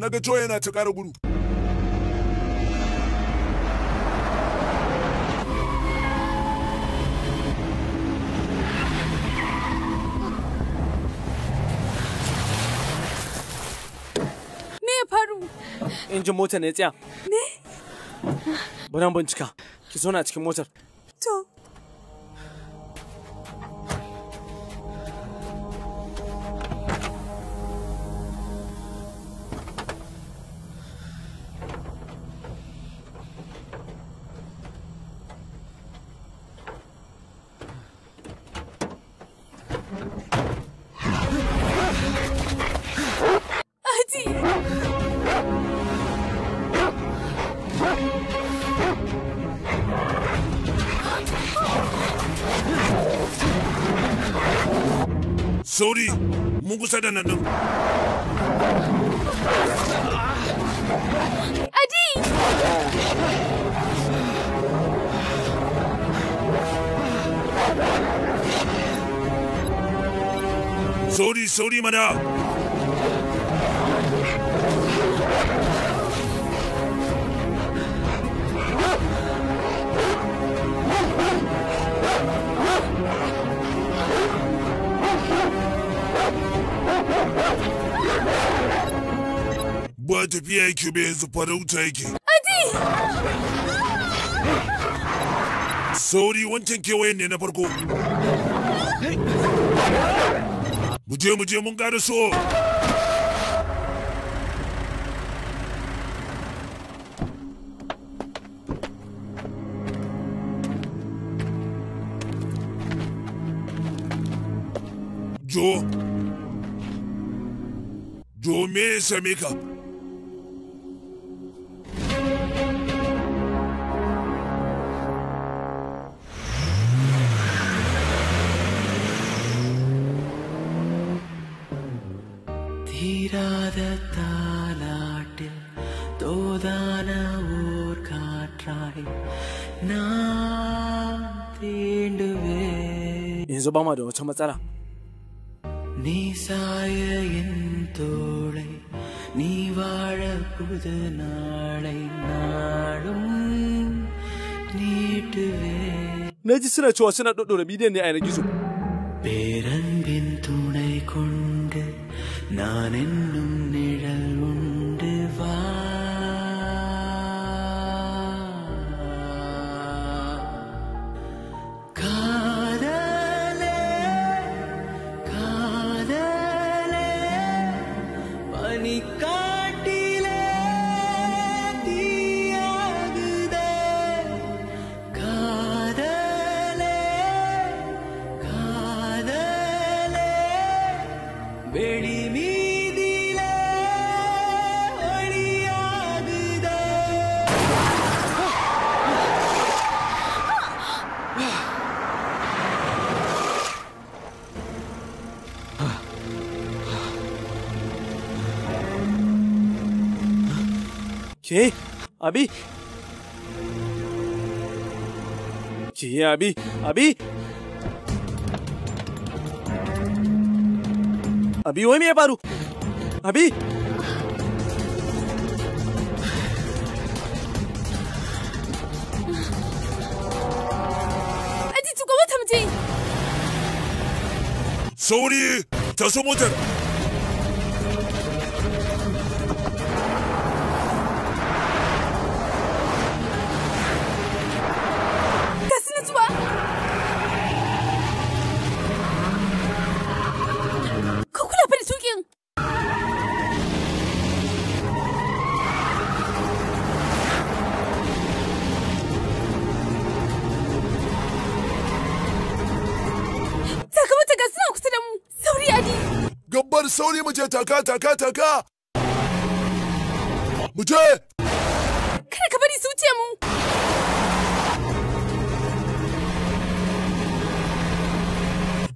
na ga Joe yana ta ƙara gudu. Me faru? Injin mota ne tsaya. Me? Bana bincika. Ki zo na cikin motar. barau yake. Sauri wancan kewayen ne na farko. Muje muje mun gada so. Jo. Jo me same ka. ba ma da wata matsala நீசாய என் suna cewa suna dodora bidiyon ne a yanar gizo tunai bin na nan छे अभी छे अभी अभी अभी वही मैं पारू अभी 소리 저소모전 taka taka taka mu je kada ka bari su wuce mu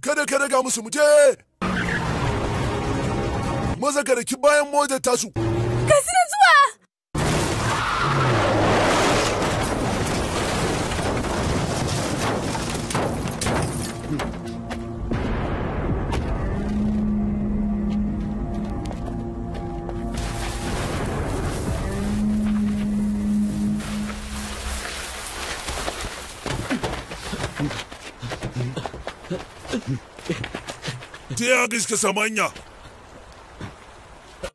kada ka daga musu mu je maza ka bayan motar tasu ya gaske samanya.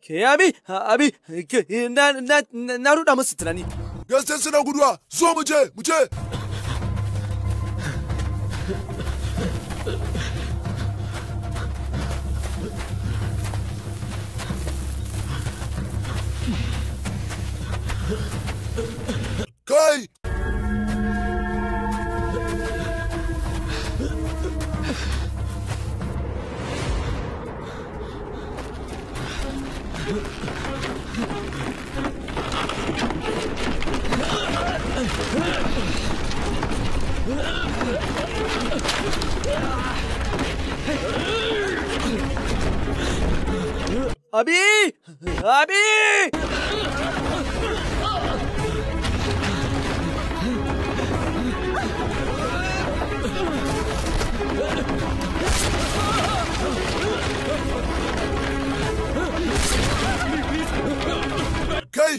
Ke abi, abi, eh, na, na, na, ruɗa musu tunani. Gaske suna guduwa, su mu je, mu je. Abi! Abi!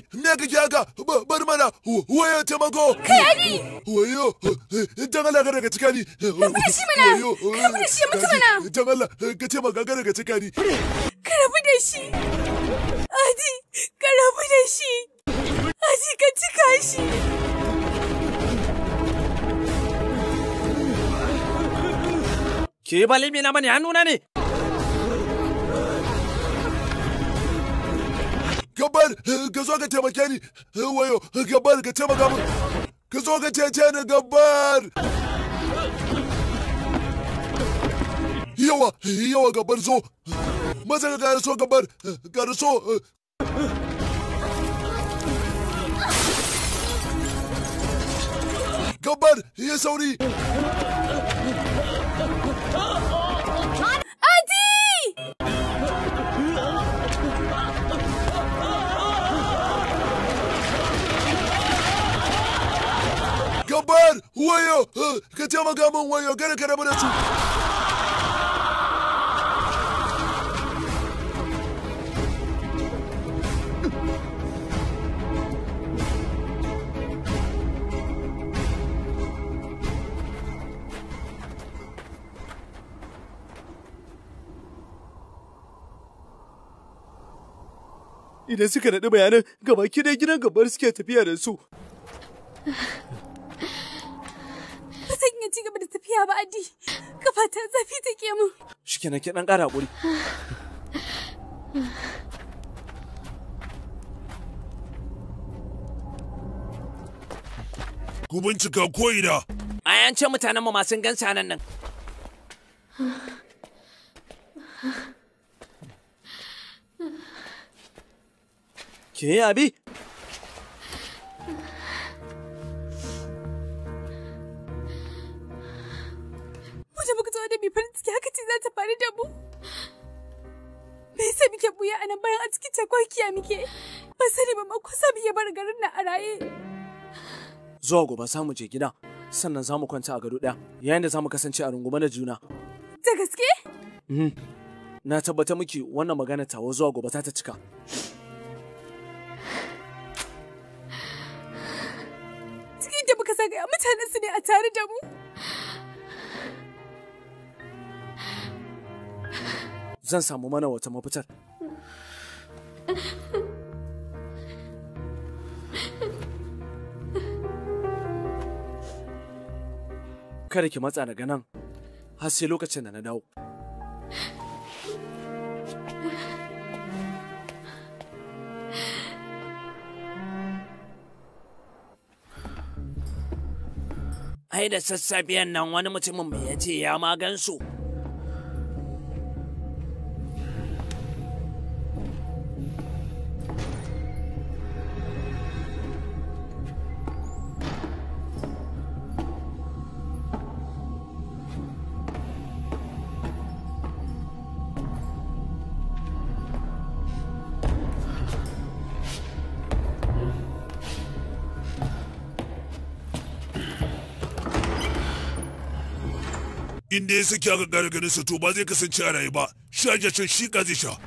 kai me kake haka bar mana waya taimako kai wayo eh, dan Allah ka daga cika ni ka shi mana ka rabu da shi mutu eh, mana eh, dan Allah ka ce maka ka cika ni ka rabu da shi adi ka rabu da shi adi ka cika shi ke balimi na mani hannuna ne gabar ka zo ka taimake ni wayo gabar ka taimaka min ka zo ka cece ni gabar yawa yawa gabar zo maza ka gara so gabar gara so gabar ya sauri bayar wayo eh, ka taimaka min wayo kada ka rabu da su idan suka naɗi bayanan gabaki ɗaya gidan gabar suke tafiya da su. ya ci gaba da tafiya ba adi kafa ta zafi take mun shikenan ke dan kara hakuri ku bincika ko'ina a yancin mutanen mu masu gansa nan nan ke abi zuwa gobe za mu je gida sannan za mu kwanta a gado ɗaya yayin da za mu kasance a rungume da juna. Da gaske? Mhm. Na tabbata miki wannan magana tawo zuwa gobe za ta cika. Cikin da muka zagaya mutanen su ne a tare da mu. Zan samu mana wata mafitar. kada ki matsa daga nan har sai lokacin da na dawo. Ai da sassafiyan nan wani mutumin mai ya ce ya magansu. inda ya saki aka gara ganin sa to ba zai kasance a rayu ba sha jacin shi ka zai sha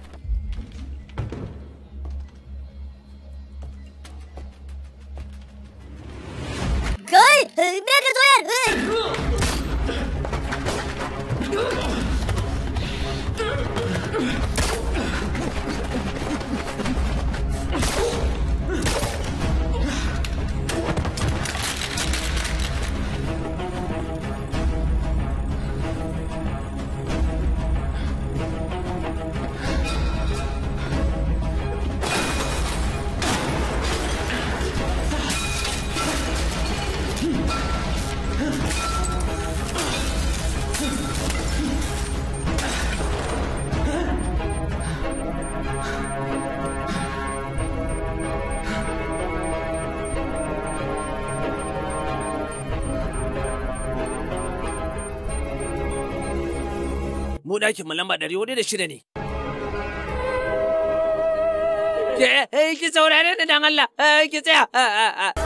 ɗakin mu lamba ɗari hudu da shida ne. Eh, eh, ki saurare ni dan Allah, eh, ki tsaya. Ah, ah, ah.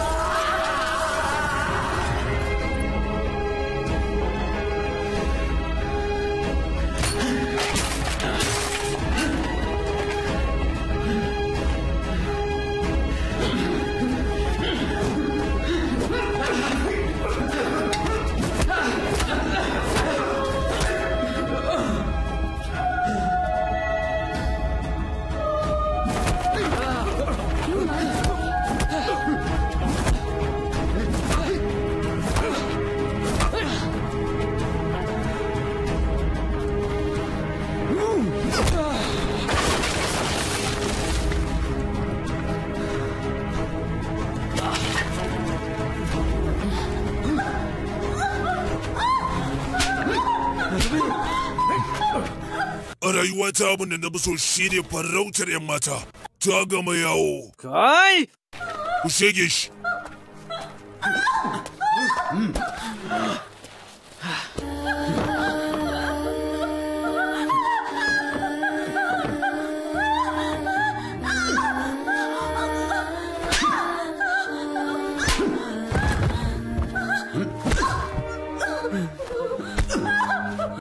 wata abin da na fi so shi ne farautar 'yan mata ta gama yawo. Kai! Ku shege shi.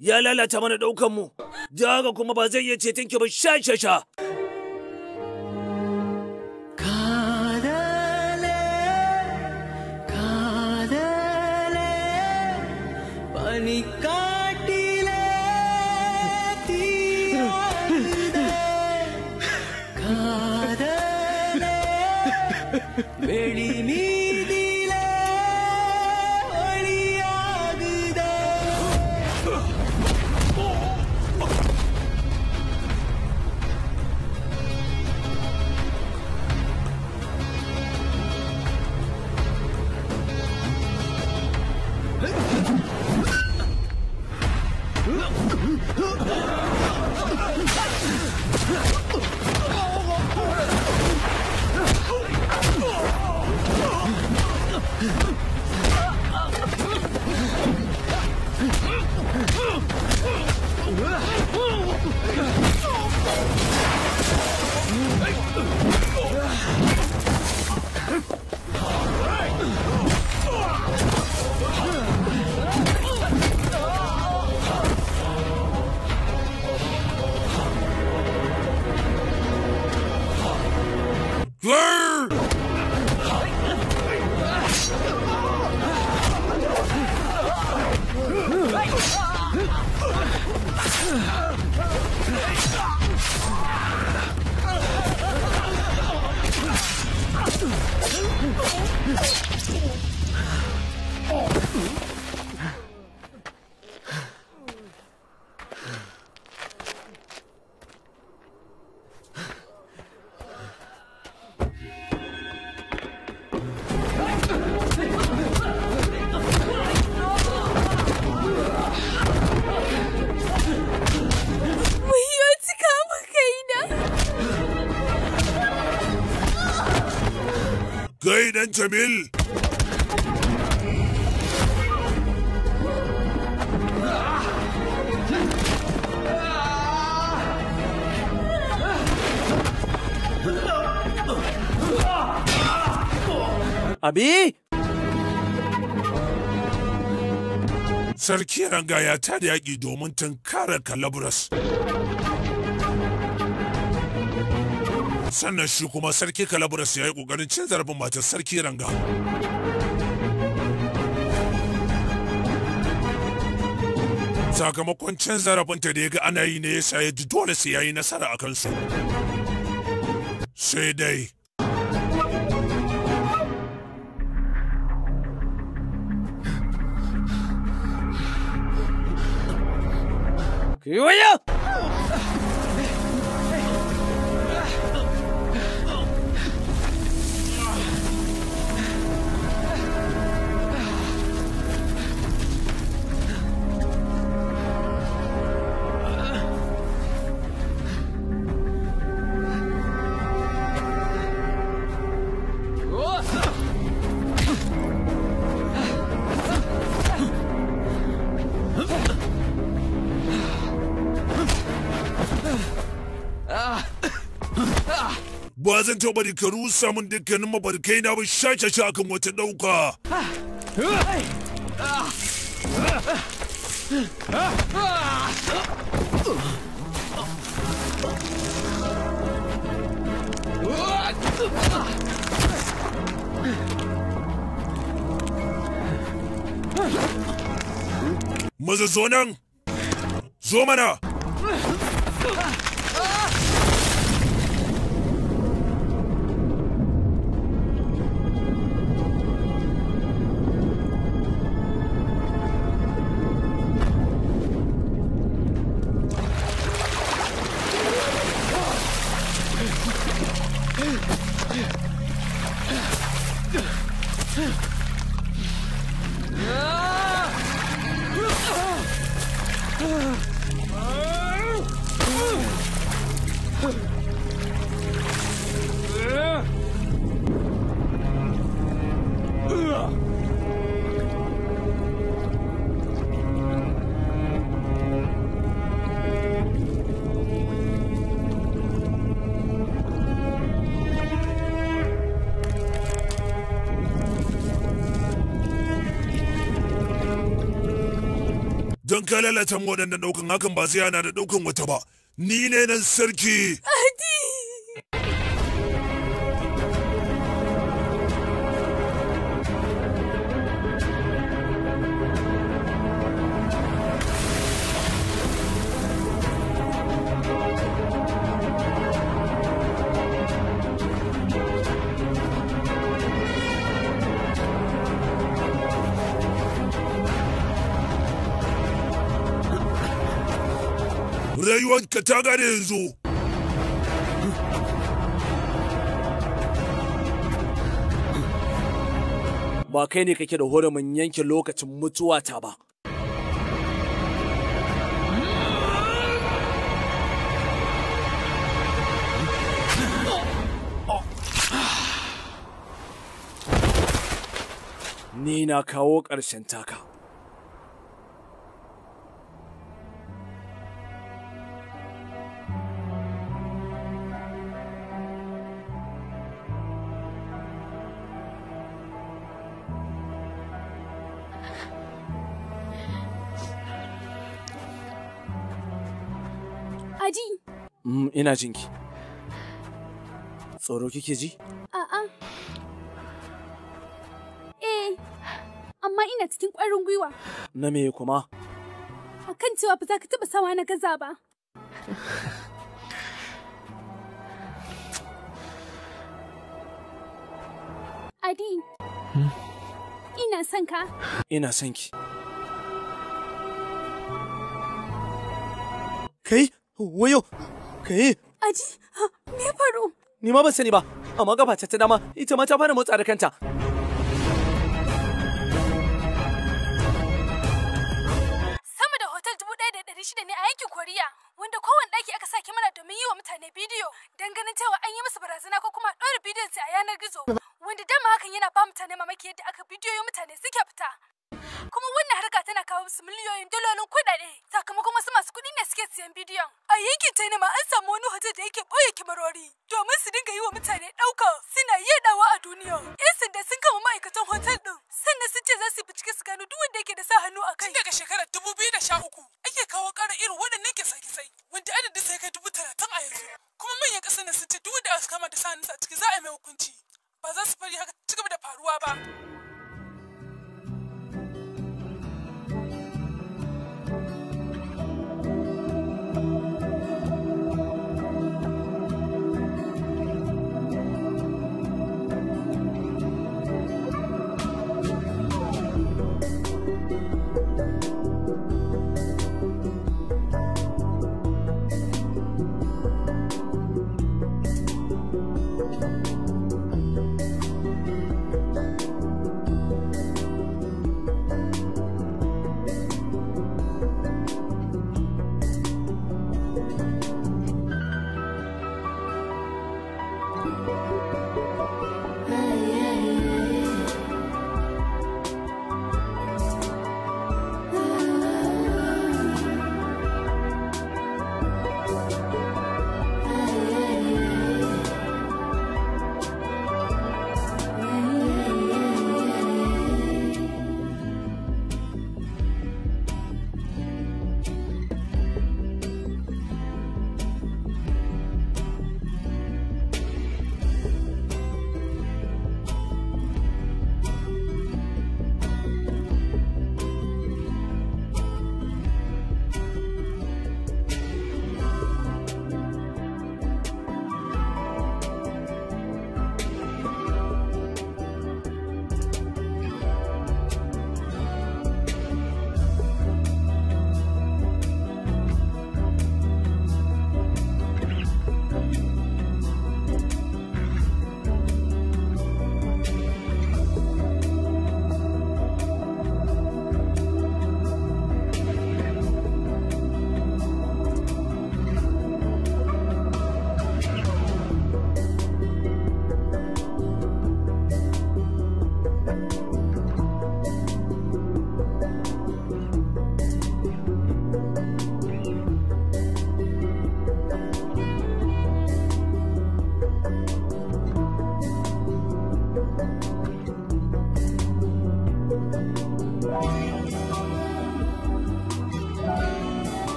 Ya lalata mana ɗaukanmu. da haka kuma ba zai iya ceton ki ba sha sha sha gidan Jamil. Abi! Sarki ranga ya tada yaƙi domin tunkara kalabras. sannan shi kuma sarki kalaburas ya yi ƙoƙarin cin zarafin matar sarki ranga sakamakon cin zarafin ta da ya ga ana yi ne ya sa ya dole sai ya yi nasara a kansu sai dai yo zan taɓa da rikaru samun dukkanin mabarkai na ba shashashe akan wata ɗauka. Maza zo nan, zo mana! ka lalata waɗannan ɗaukan hakan ba sai yana da ɗaukan wata ba. Ni ne nan sarki. ta gada yanzu ba kai ne kake da horumin yanke lokacin mutuwa ta ba ni na kawo ƙarshen taka ina jinki. Tsoro kike ji? A'a. Eh, amma ina cikin ƙwarin gwiwa. Na me kuma? A kan cewa ba za ka taɓa sawa na gaza ba. Adi. Ina son ka. Ina son ki. Kai, wayo. yi? Aji, me faru? Ni ma ban sani ba, amma gaba ta dama ita ma ta fara motsa da kanta. Sama da hotel dubu ɗaya da ɗari shida ne a yankin Koriya, wanda kowane ɗaki aka sa kyamara domin yi wa mutane bidiyo don ganin cewa an yi musu barazana ko kuma ɗora bidiyon su a yanar gizo. Wanda dama hakan yana ba mutane mamaki yadda aka bidiyo mutane suke fita. kuma wannan harka tana kawo musu miliyoyin dalolin kuɗaɗe sakamakon wasu masu kuɗi ne suke siyan bidiyon a yankin china ma an samu wani hoto da yake ɓoye kimarori domin su dinga yi wa mutane ɗauka suna yaɗawa a duniya yan sanda sun kama ma'aikatan hotel ɗin sannan sun ce za su bincike su gano duk wanda yake da sa hannu a kai daga shekarar dubu biyu da sha uku ake kawo ƙara irin waɗannan kisa-kisai wanda adadin sai kai dubu talatin a yanzu kuma manyan ƙasar ne sun ce duk wanda aka kama da sa hannu a ciki za a yi mai hukunci ba za su bari haka ci gaba da faruwa ba. Thank you.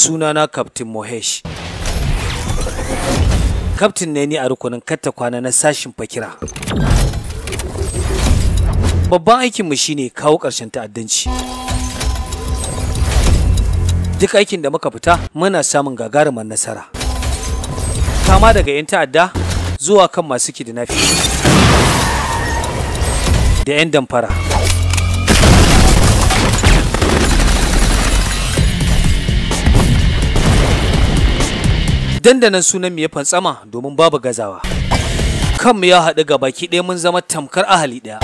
sunana Captain Mohesh. Captain ne ni a rukunin katta kwana na sashin fakira. Babban aikinmu shine kawo ƙarshen ta'addanci. Duk aikin da muka fita muna samun gagarumar nasara. Kama daga 'yan ta'adda zuwa kan masu kidnapping da 'yan damfara. dandanan sunan mu ya fantsama domin babu gazawa kanmu ya haɗu ga baki ɗaya mun zama tamkar ahali ɗaya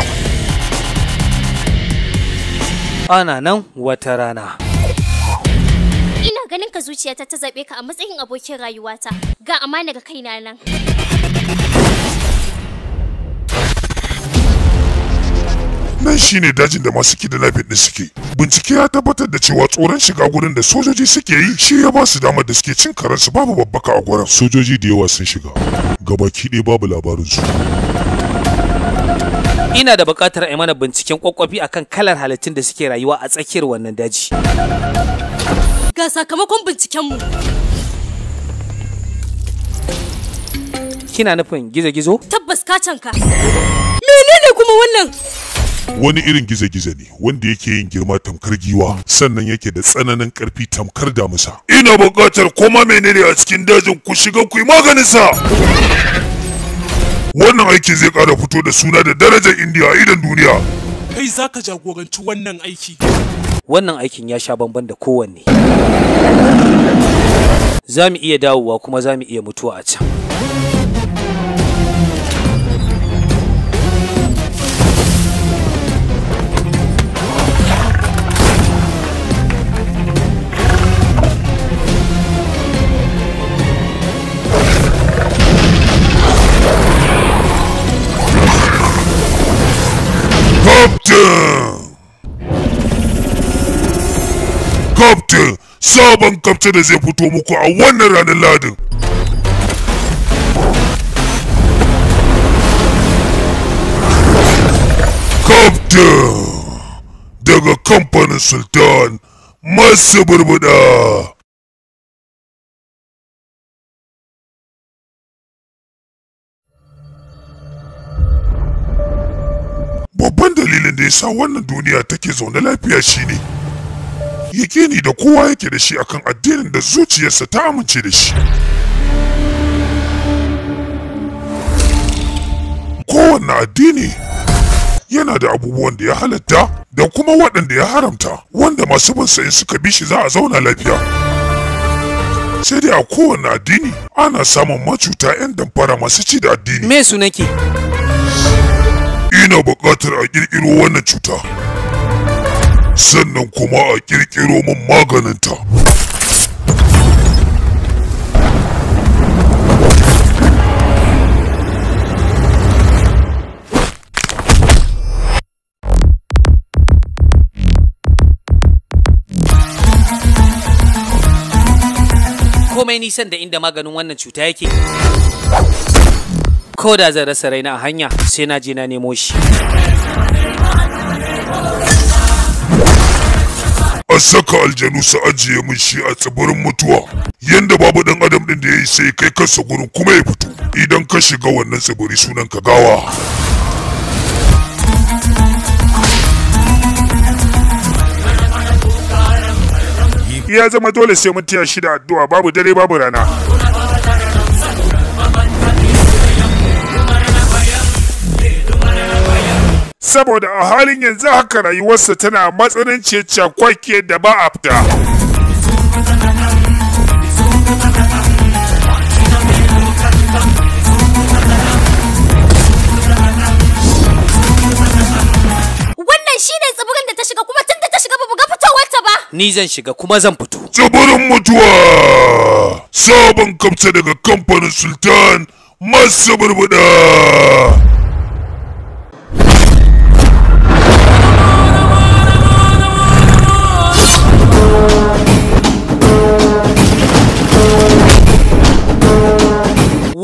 ana nan wata rana ina ganin ka zuciyata ta zaɓe ka a matsayin abokin rayuwata ga amana ga kaina nan nan shine dajin da masu kidnapping din suke bincike ya tabbatar da cewa tsoron shiga gurin da sojoji suke yi shi ya ba su damar da suke cin karansu babu babbaka a gurin sojoji da yawa sun shiga gabaki ɗaya babu labarin su ina da buƙatar a mana binciken kwakwafi akan kalar halittun da suke rayuwa a tsakiyar wannan daji ga sakamakon bincikenmu kina nufin gizo-gizo tabbas ka canka menene kuma wannan wani irin gize-gize ne wanda yake yin girma tamkar giwa sannan yake da tsananin karfi tamkar damusa ina buƙatar koma menene a cikin dajin ku shiga ku yi maganin sa wannan aiki zai ƙara fito da suna da darajar indiya a idan duniya kai zaka jagoranci wannan aiki wannan aikin ya sha bamban da kowanne za mu iya dawowa kuma za mu iya mutuwa a can Captain! Captain! Sabon Captain da zai fito muku a wannan ranar Ladin. Captain! Daga kamfanin Sultan masu burbuda. babban dalilin da ya wannan duniya take zaune lafiya shine yakini da kowa yake da shi akan addinin da zuciyarsa ta amince da shi kowanne addini yana da abubuwan da ya halatta da kuma waɗanda ya haramta wanda masu bin in suka bi shi za a zauna lafiya sai dai a kowanne addini ana samun macuta 'yan damfara masu ci da addini me su nake ina buƙatar a ƙirƙiro wannan cuta sannan kuma a ƙirƙiro min maganinta komai nisan da inda maganin wannan cuta yake ko da zan rasa raina a hanya sai na je na nemo shi a saka aljanu su ajiye mun shi a tsibirin mutuwa yanda babu dan adam din da ya yi sai kai kansa gurin kuma ya fito idan ka shiga wannan tsibiri sunan ka gawa ya zama dole sai mun shida addu'a babu dare babu rana saboda a halin yanzu haka rayuwarsa tana matsananciyar cakwake da ba a fita. Wannan shi ne tsibirin da ta shiga kuma tun da ta shiga ba buga fitowarta ba. Ni zan shiga kuma zan fito. Tsibirin mutuwa! Sabon kamta daga kamfanin Sultan masu burbuɗa!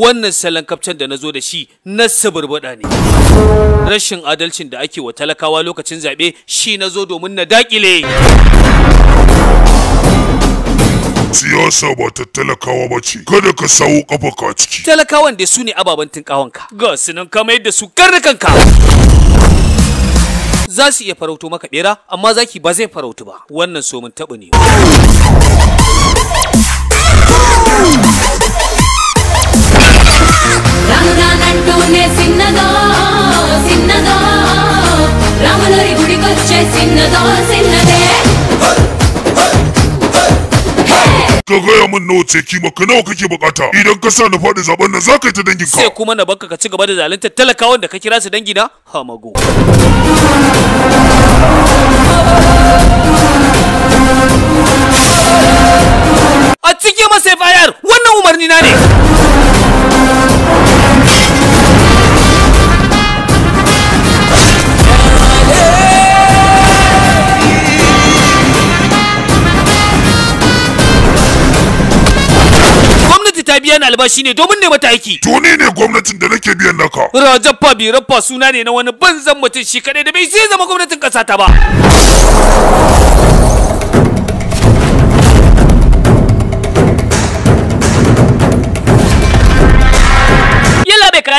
wannan salon kafcen da na zo da shi na suburbuɗa ne rashin adalcin da ake wa talakawa lokacin zaɓe shi na zo domin na daƙile siyasa ba ta talakawa ba ce kada ka sawo ka ciki talakawan da su ne ababen tunkawanka ga su nan ka mayar da su kar kanka za su iya farauto maka ɓera, amma zaki ba zai farautu ba wannan so mun taɓa ne రానురానంటూనే సిన్నదో సిన్నదో రాములూరి గుడికొచ్చే సిన్నదో సిన్నదే ka gaya min nawa ce kima ka nawa kake bukata idan ka sa na faɗi zaben nan za ka yi ta dangin ka sai kuma na baka ka ci gaba da zalunta talakawan da ka kira su dangi na hamago a cike masa fayar wannan umarni na ne gwamnati ta biya ni albashi ne domin ne mata aiki to ni ne gwamnatin da nake biyan naka rajab fabi rabba suna ne na wani banzan mutum shi kadai da bai zai zama gwamnatin kasa ta ba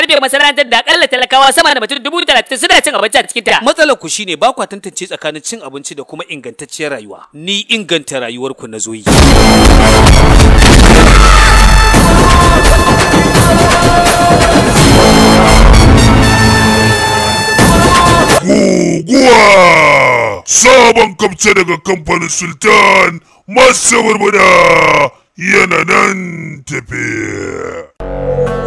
daga rufe masana'antar da akalla talakawa sama da mutum dubu talatin suna cin abinci a cikinta. Matsalar ku shine ba kwa tantance tsakanin cin abinci da kuma ingantacciyar rayuwa. Ni inganta rayuwarku na zoyi. Guguwa! Sabon kamce daga kamfanin Sultan masu warwada yana nan tafiya.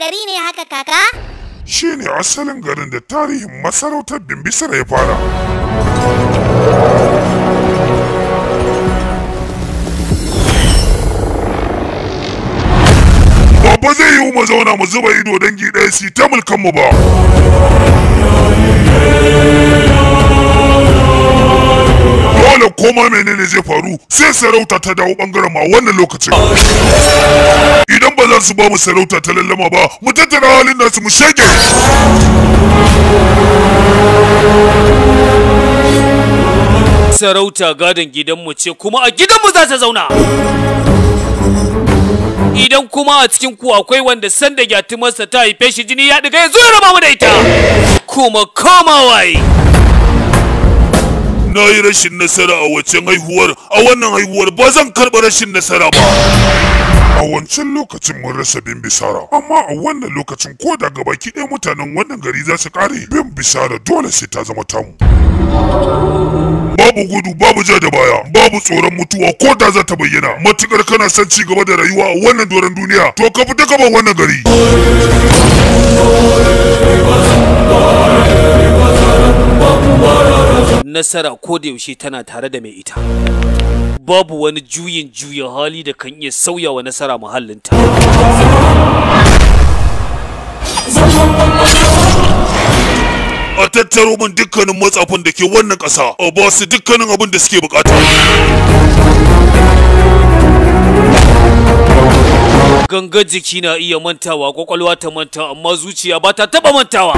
wani gari ne haka kaka? Shi ne asalin garin da tarihin masarautar Bimbisar ya fara. Babba zai yi mu zauna mu zuba ido dangi ɗaya su ta mulkanmu ba. dole koma menene zai faru sai sarauta ta dawo bangaren ma wannan lokacin idan ba za su ba mu sarauta ta lallama ba mu tattara halin nasu mu shege sarauta gadon gidanmu ce kuma a gidanmu za ta zauna idan kuma a cikin ku akwai wanda sanda gyatumarsa ta haife shi jini ya diga ya zo ya raba mu da ita kuma kama waye na yi rashin nasara a waccan haihuwar a wannan haihuwar ba zan karɓa rashin nasara ba a wancan lokacin mun rasa bin bisara amma a wannan lokacin ko da gabaki ɗaya mutanen wannan gari za su ƙare bin bisara dole sai ta zama tamu babu gudu babu ja da baya babu tsoron mutuwa ko da za ta bayyana matukar kana son ci gaba da rayuwa a wannan doron duniya to ka fita gaban wannan gari oh nasara ko da yaushe tana tare da mai ita babu wani juyin juyin hali da kan iya sauya wa nasara muhallinta a tattaro min dukkanin matsafin da ke wannan ƙasa a ba su dukkanin abin da suke bukata gangar jiki na iya mantawa kwakwalwa ta manta amma zuciya ba ta taba mantawa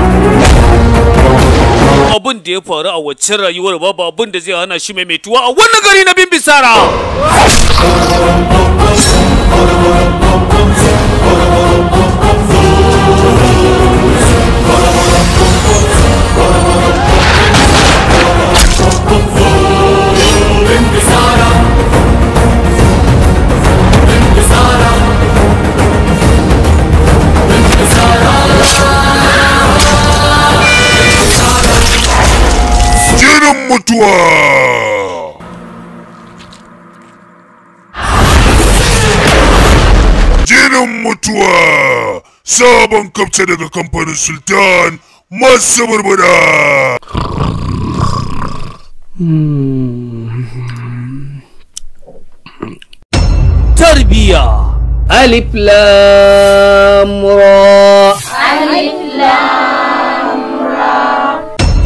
abin da ya faru a waccan rayuwar babu abin da zai hana shi maimaituwa a wannan gari na bimbisara bisara. mutuwa jinin mutuwa sabon kafce daga kamfanin sultan masu barbada tarbiya alif lamura alif lamura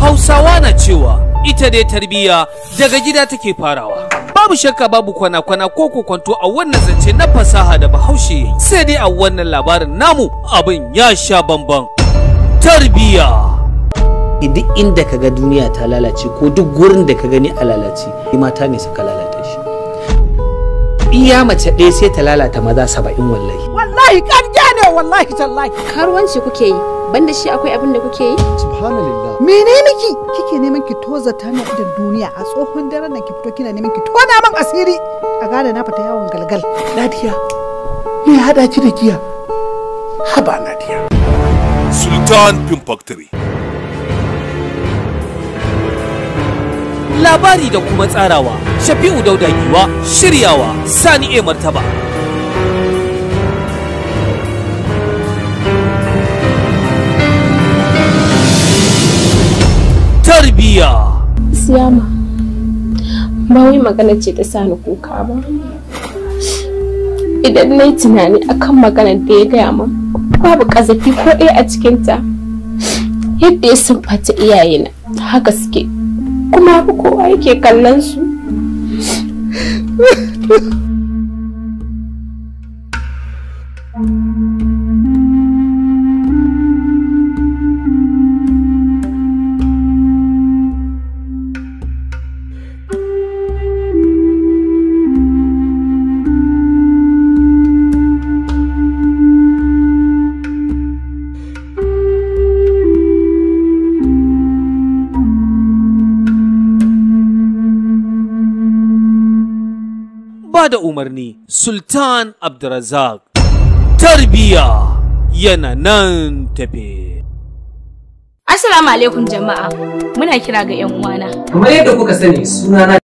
hausawa na cewa ita dai tarbiyya daga gida take farawa babu shakka babu kwana-kwana ko kwanto a wannan zance na fasaha da bahaushe yayi sai dai a wannan labarin namu abin ya sha bamban tarbiyya e, duk inda ka ga duniya ta lalace ko duk gurin da ka gani a lalace mata ne suka lalata shi iya mace ɗaya sai ta lalata maza saba'in wallahi wallahi ƙarya ne wallahi tallahi karuwanci kuke yi banda shi akwai abin da kuke yi subhanallah mene miki kike neman ki toza ta na duniya a tsohon daren nan ki fito kina neman ki tona man asiri a gane na fita yawon galgal nadiya me hada ki da giya haba nadiya sultan pin factory labari da kuma tsarawa shafi'u dauda giwa shiryawa sani martaba tarbiya siyama ba wai magana ce ta sani kuka ba idan na yi tunani akan magana da ya gaya min babu ƙazafi ko ɗaya a cikinta yadda ya sumfata iyayena haka suke kuma kowa yake kallon su Thank you. ba da umarni Sultan Abdulrazak tarbiya yana nan tafe. Assalamu alaikum jama'a muna kira ga 'yan uwana. Kamar yadda kuka sani suna na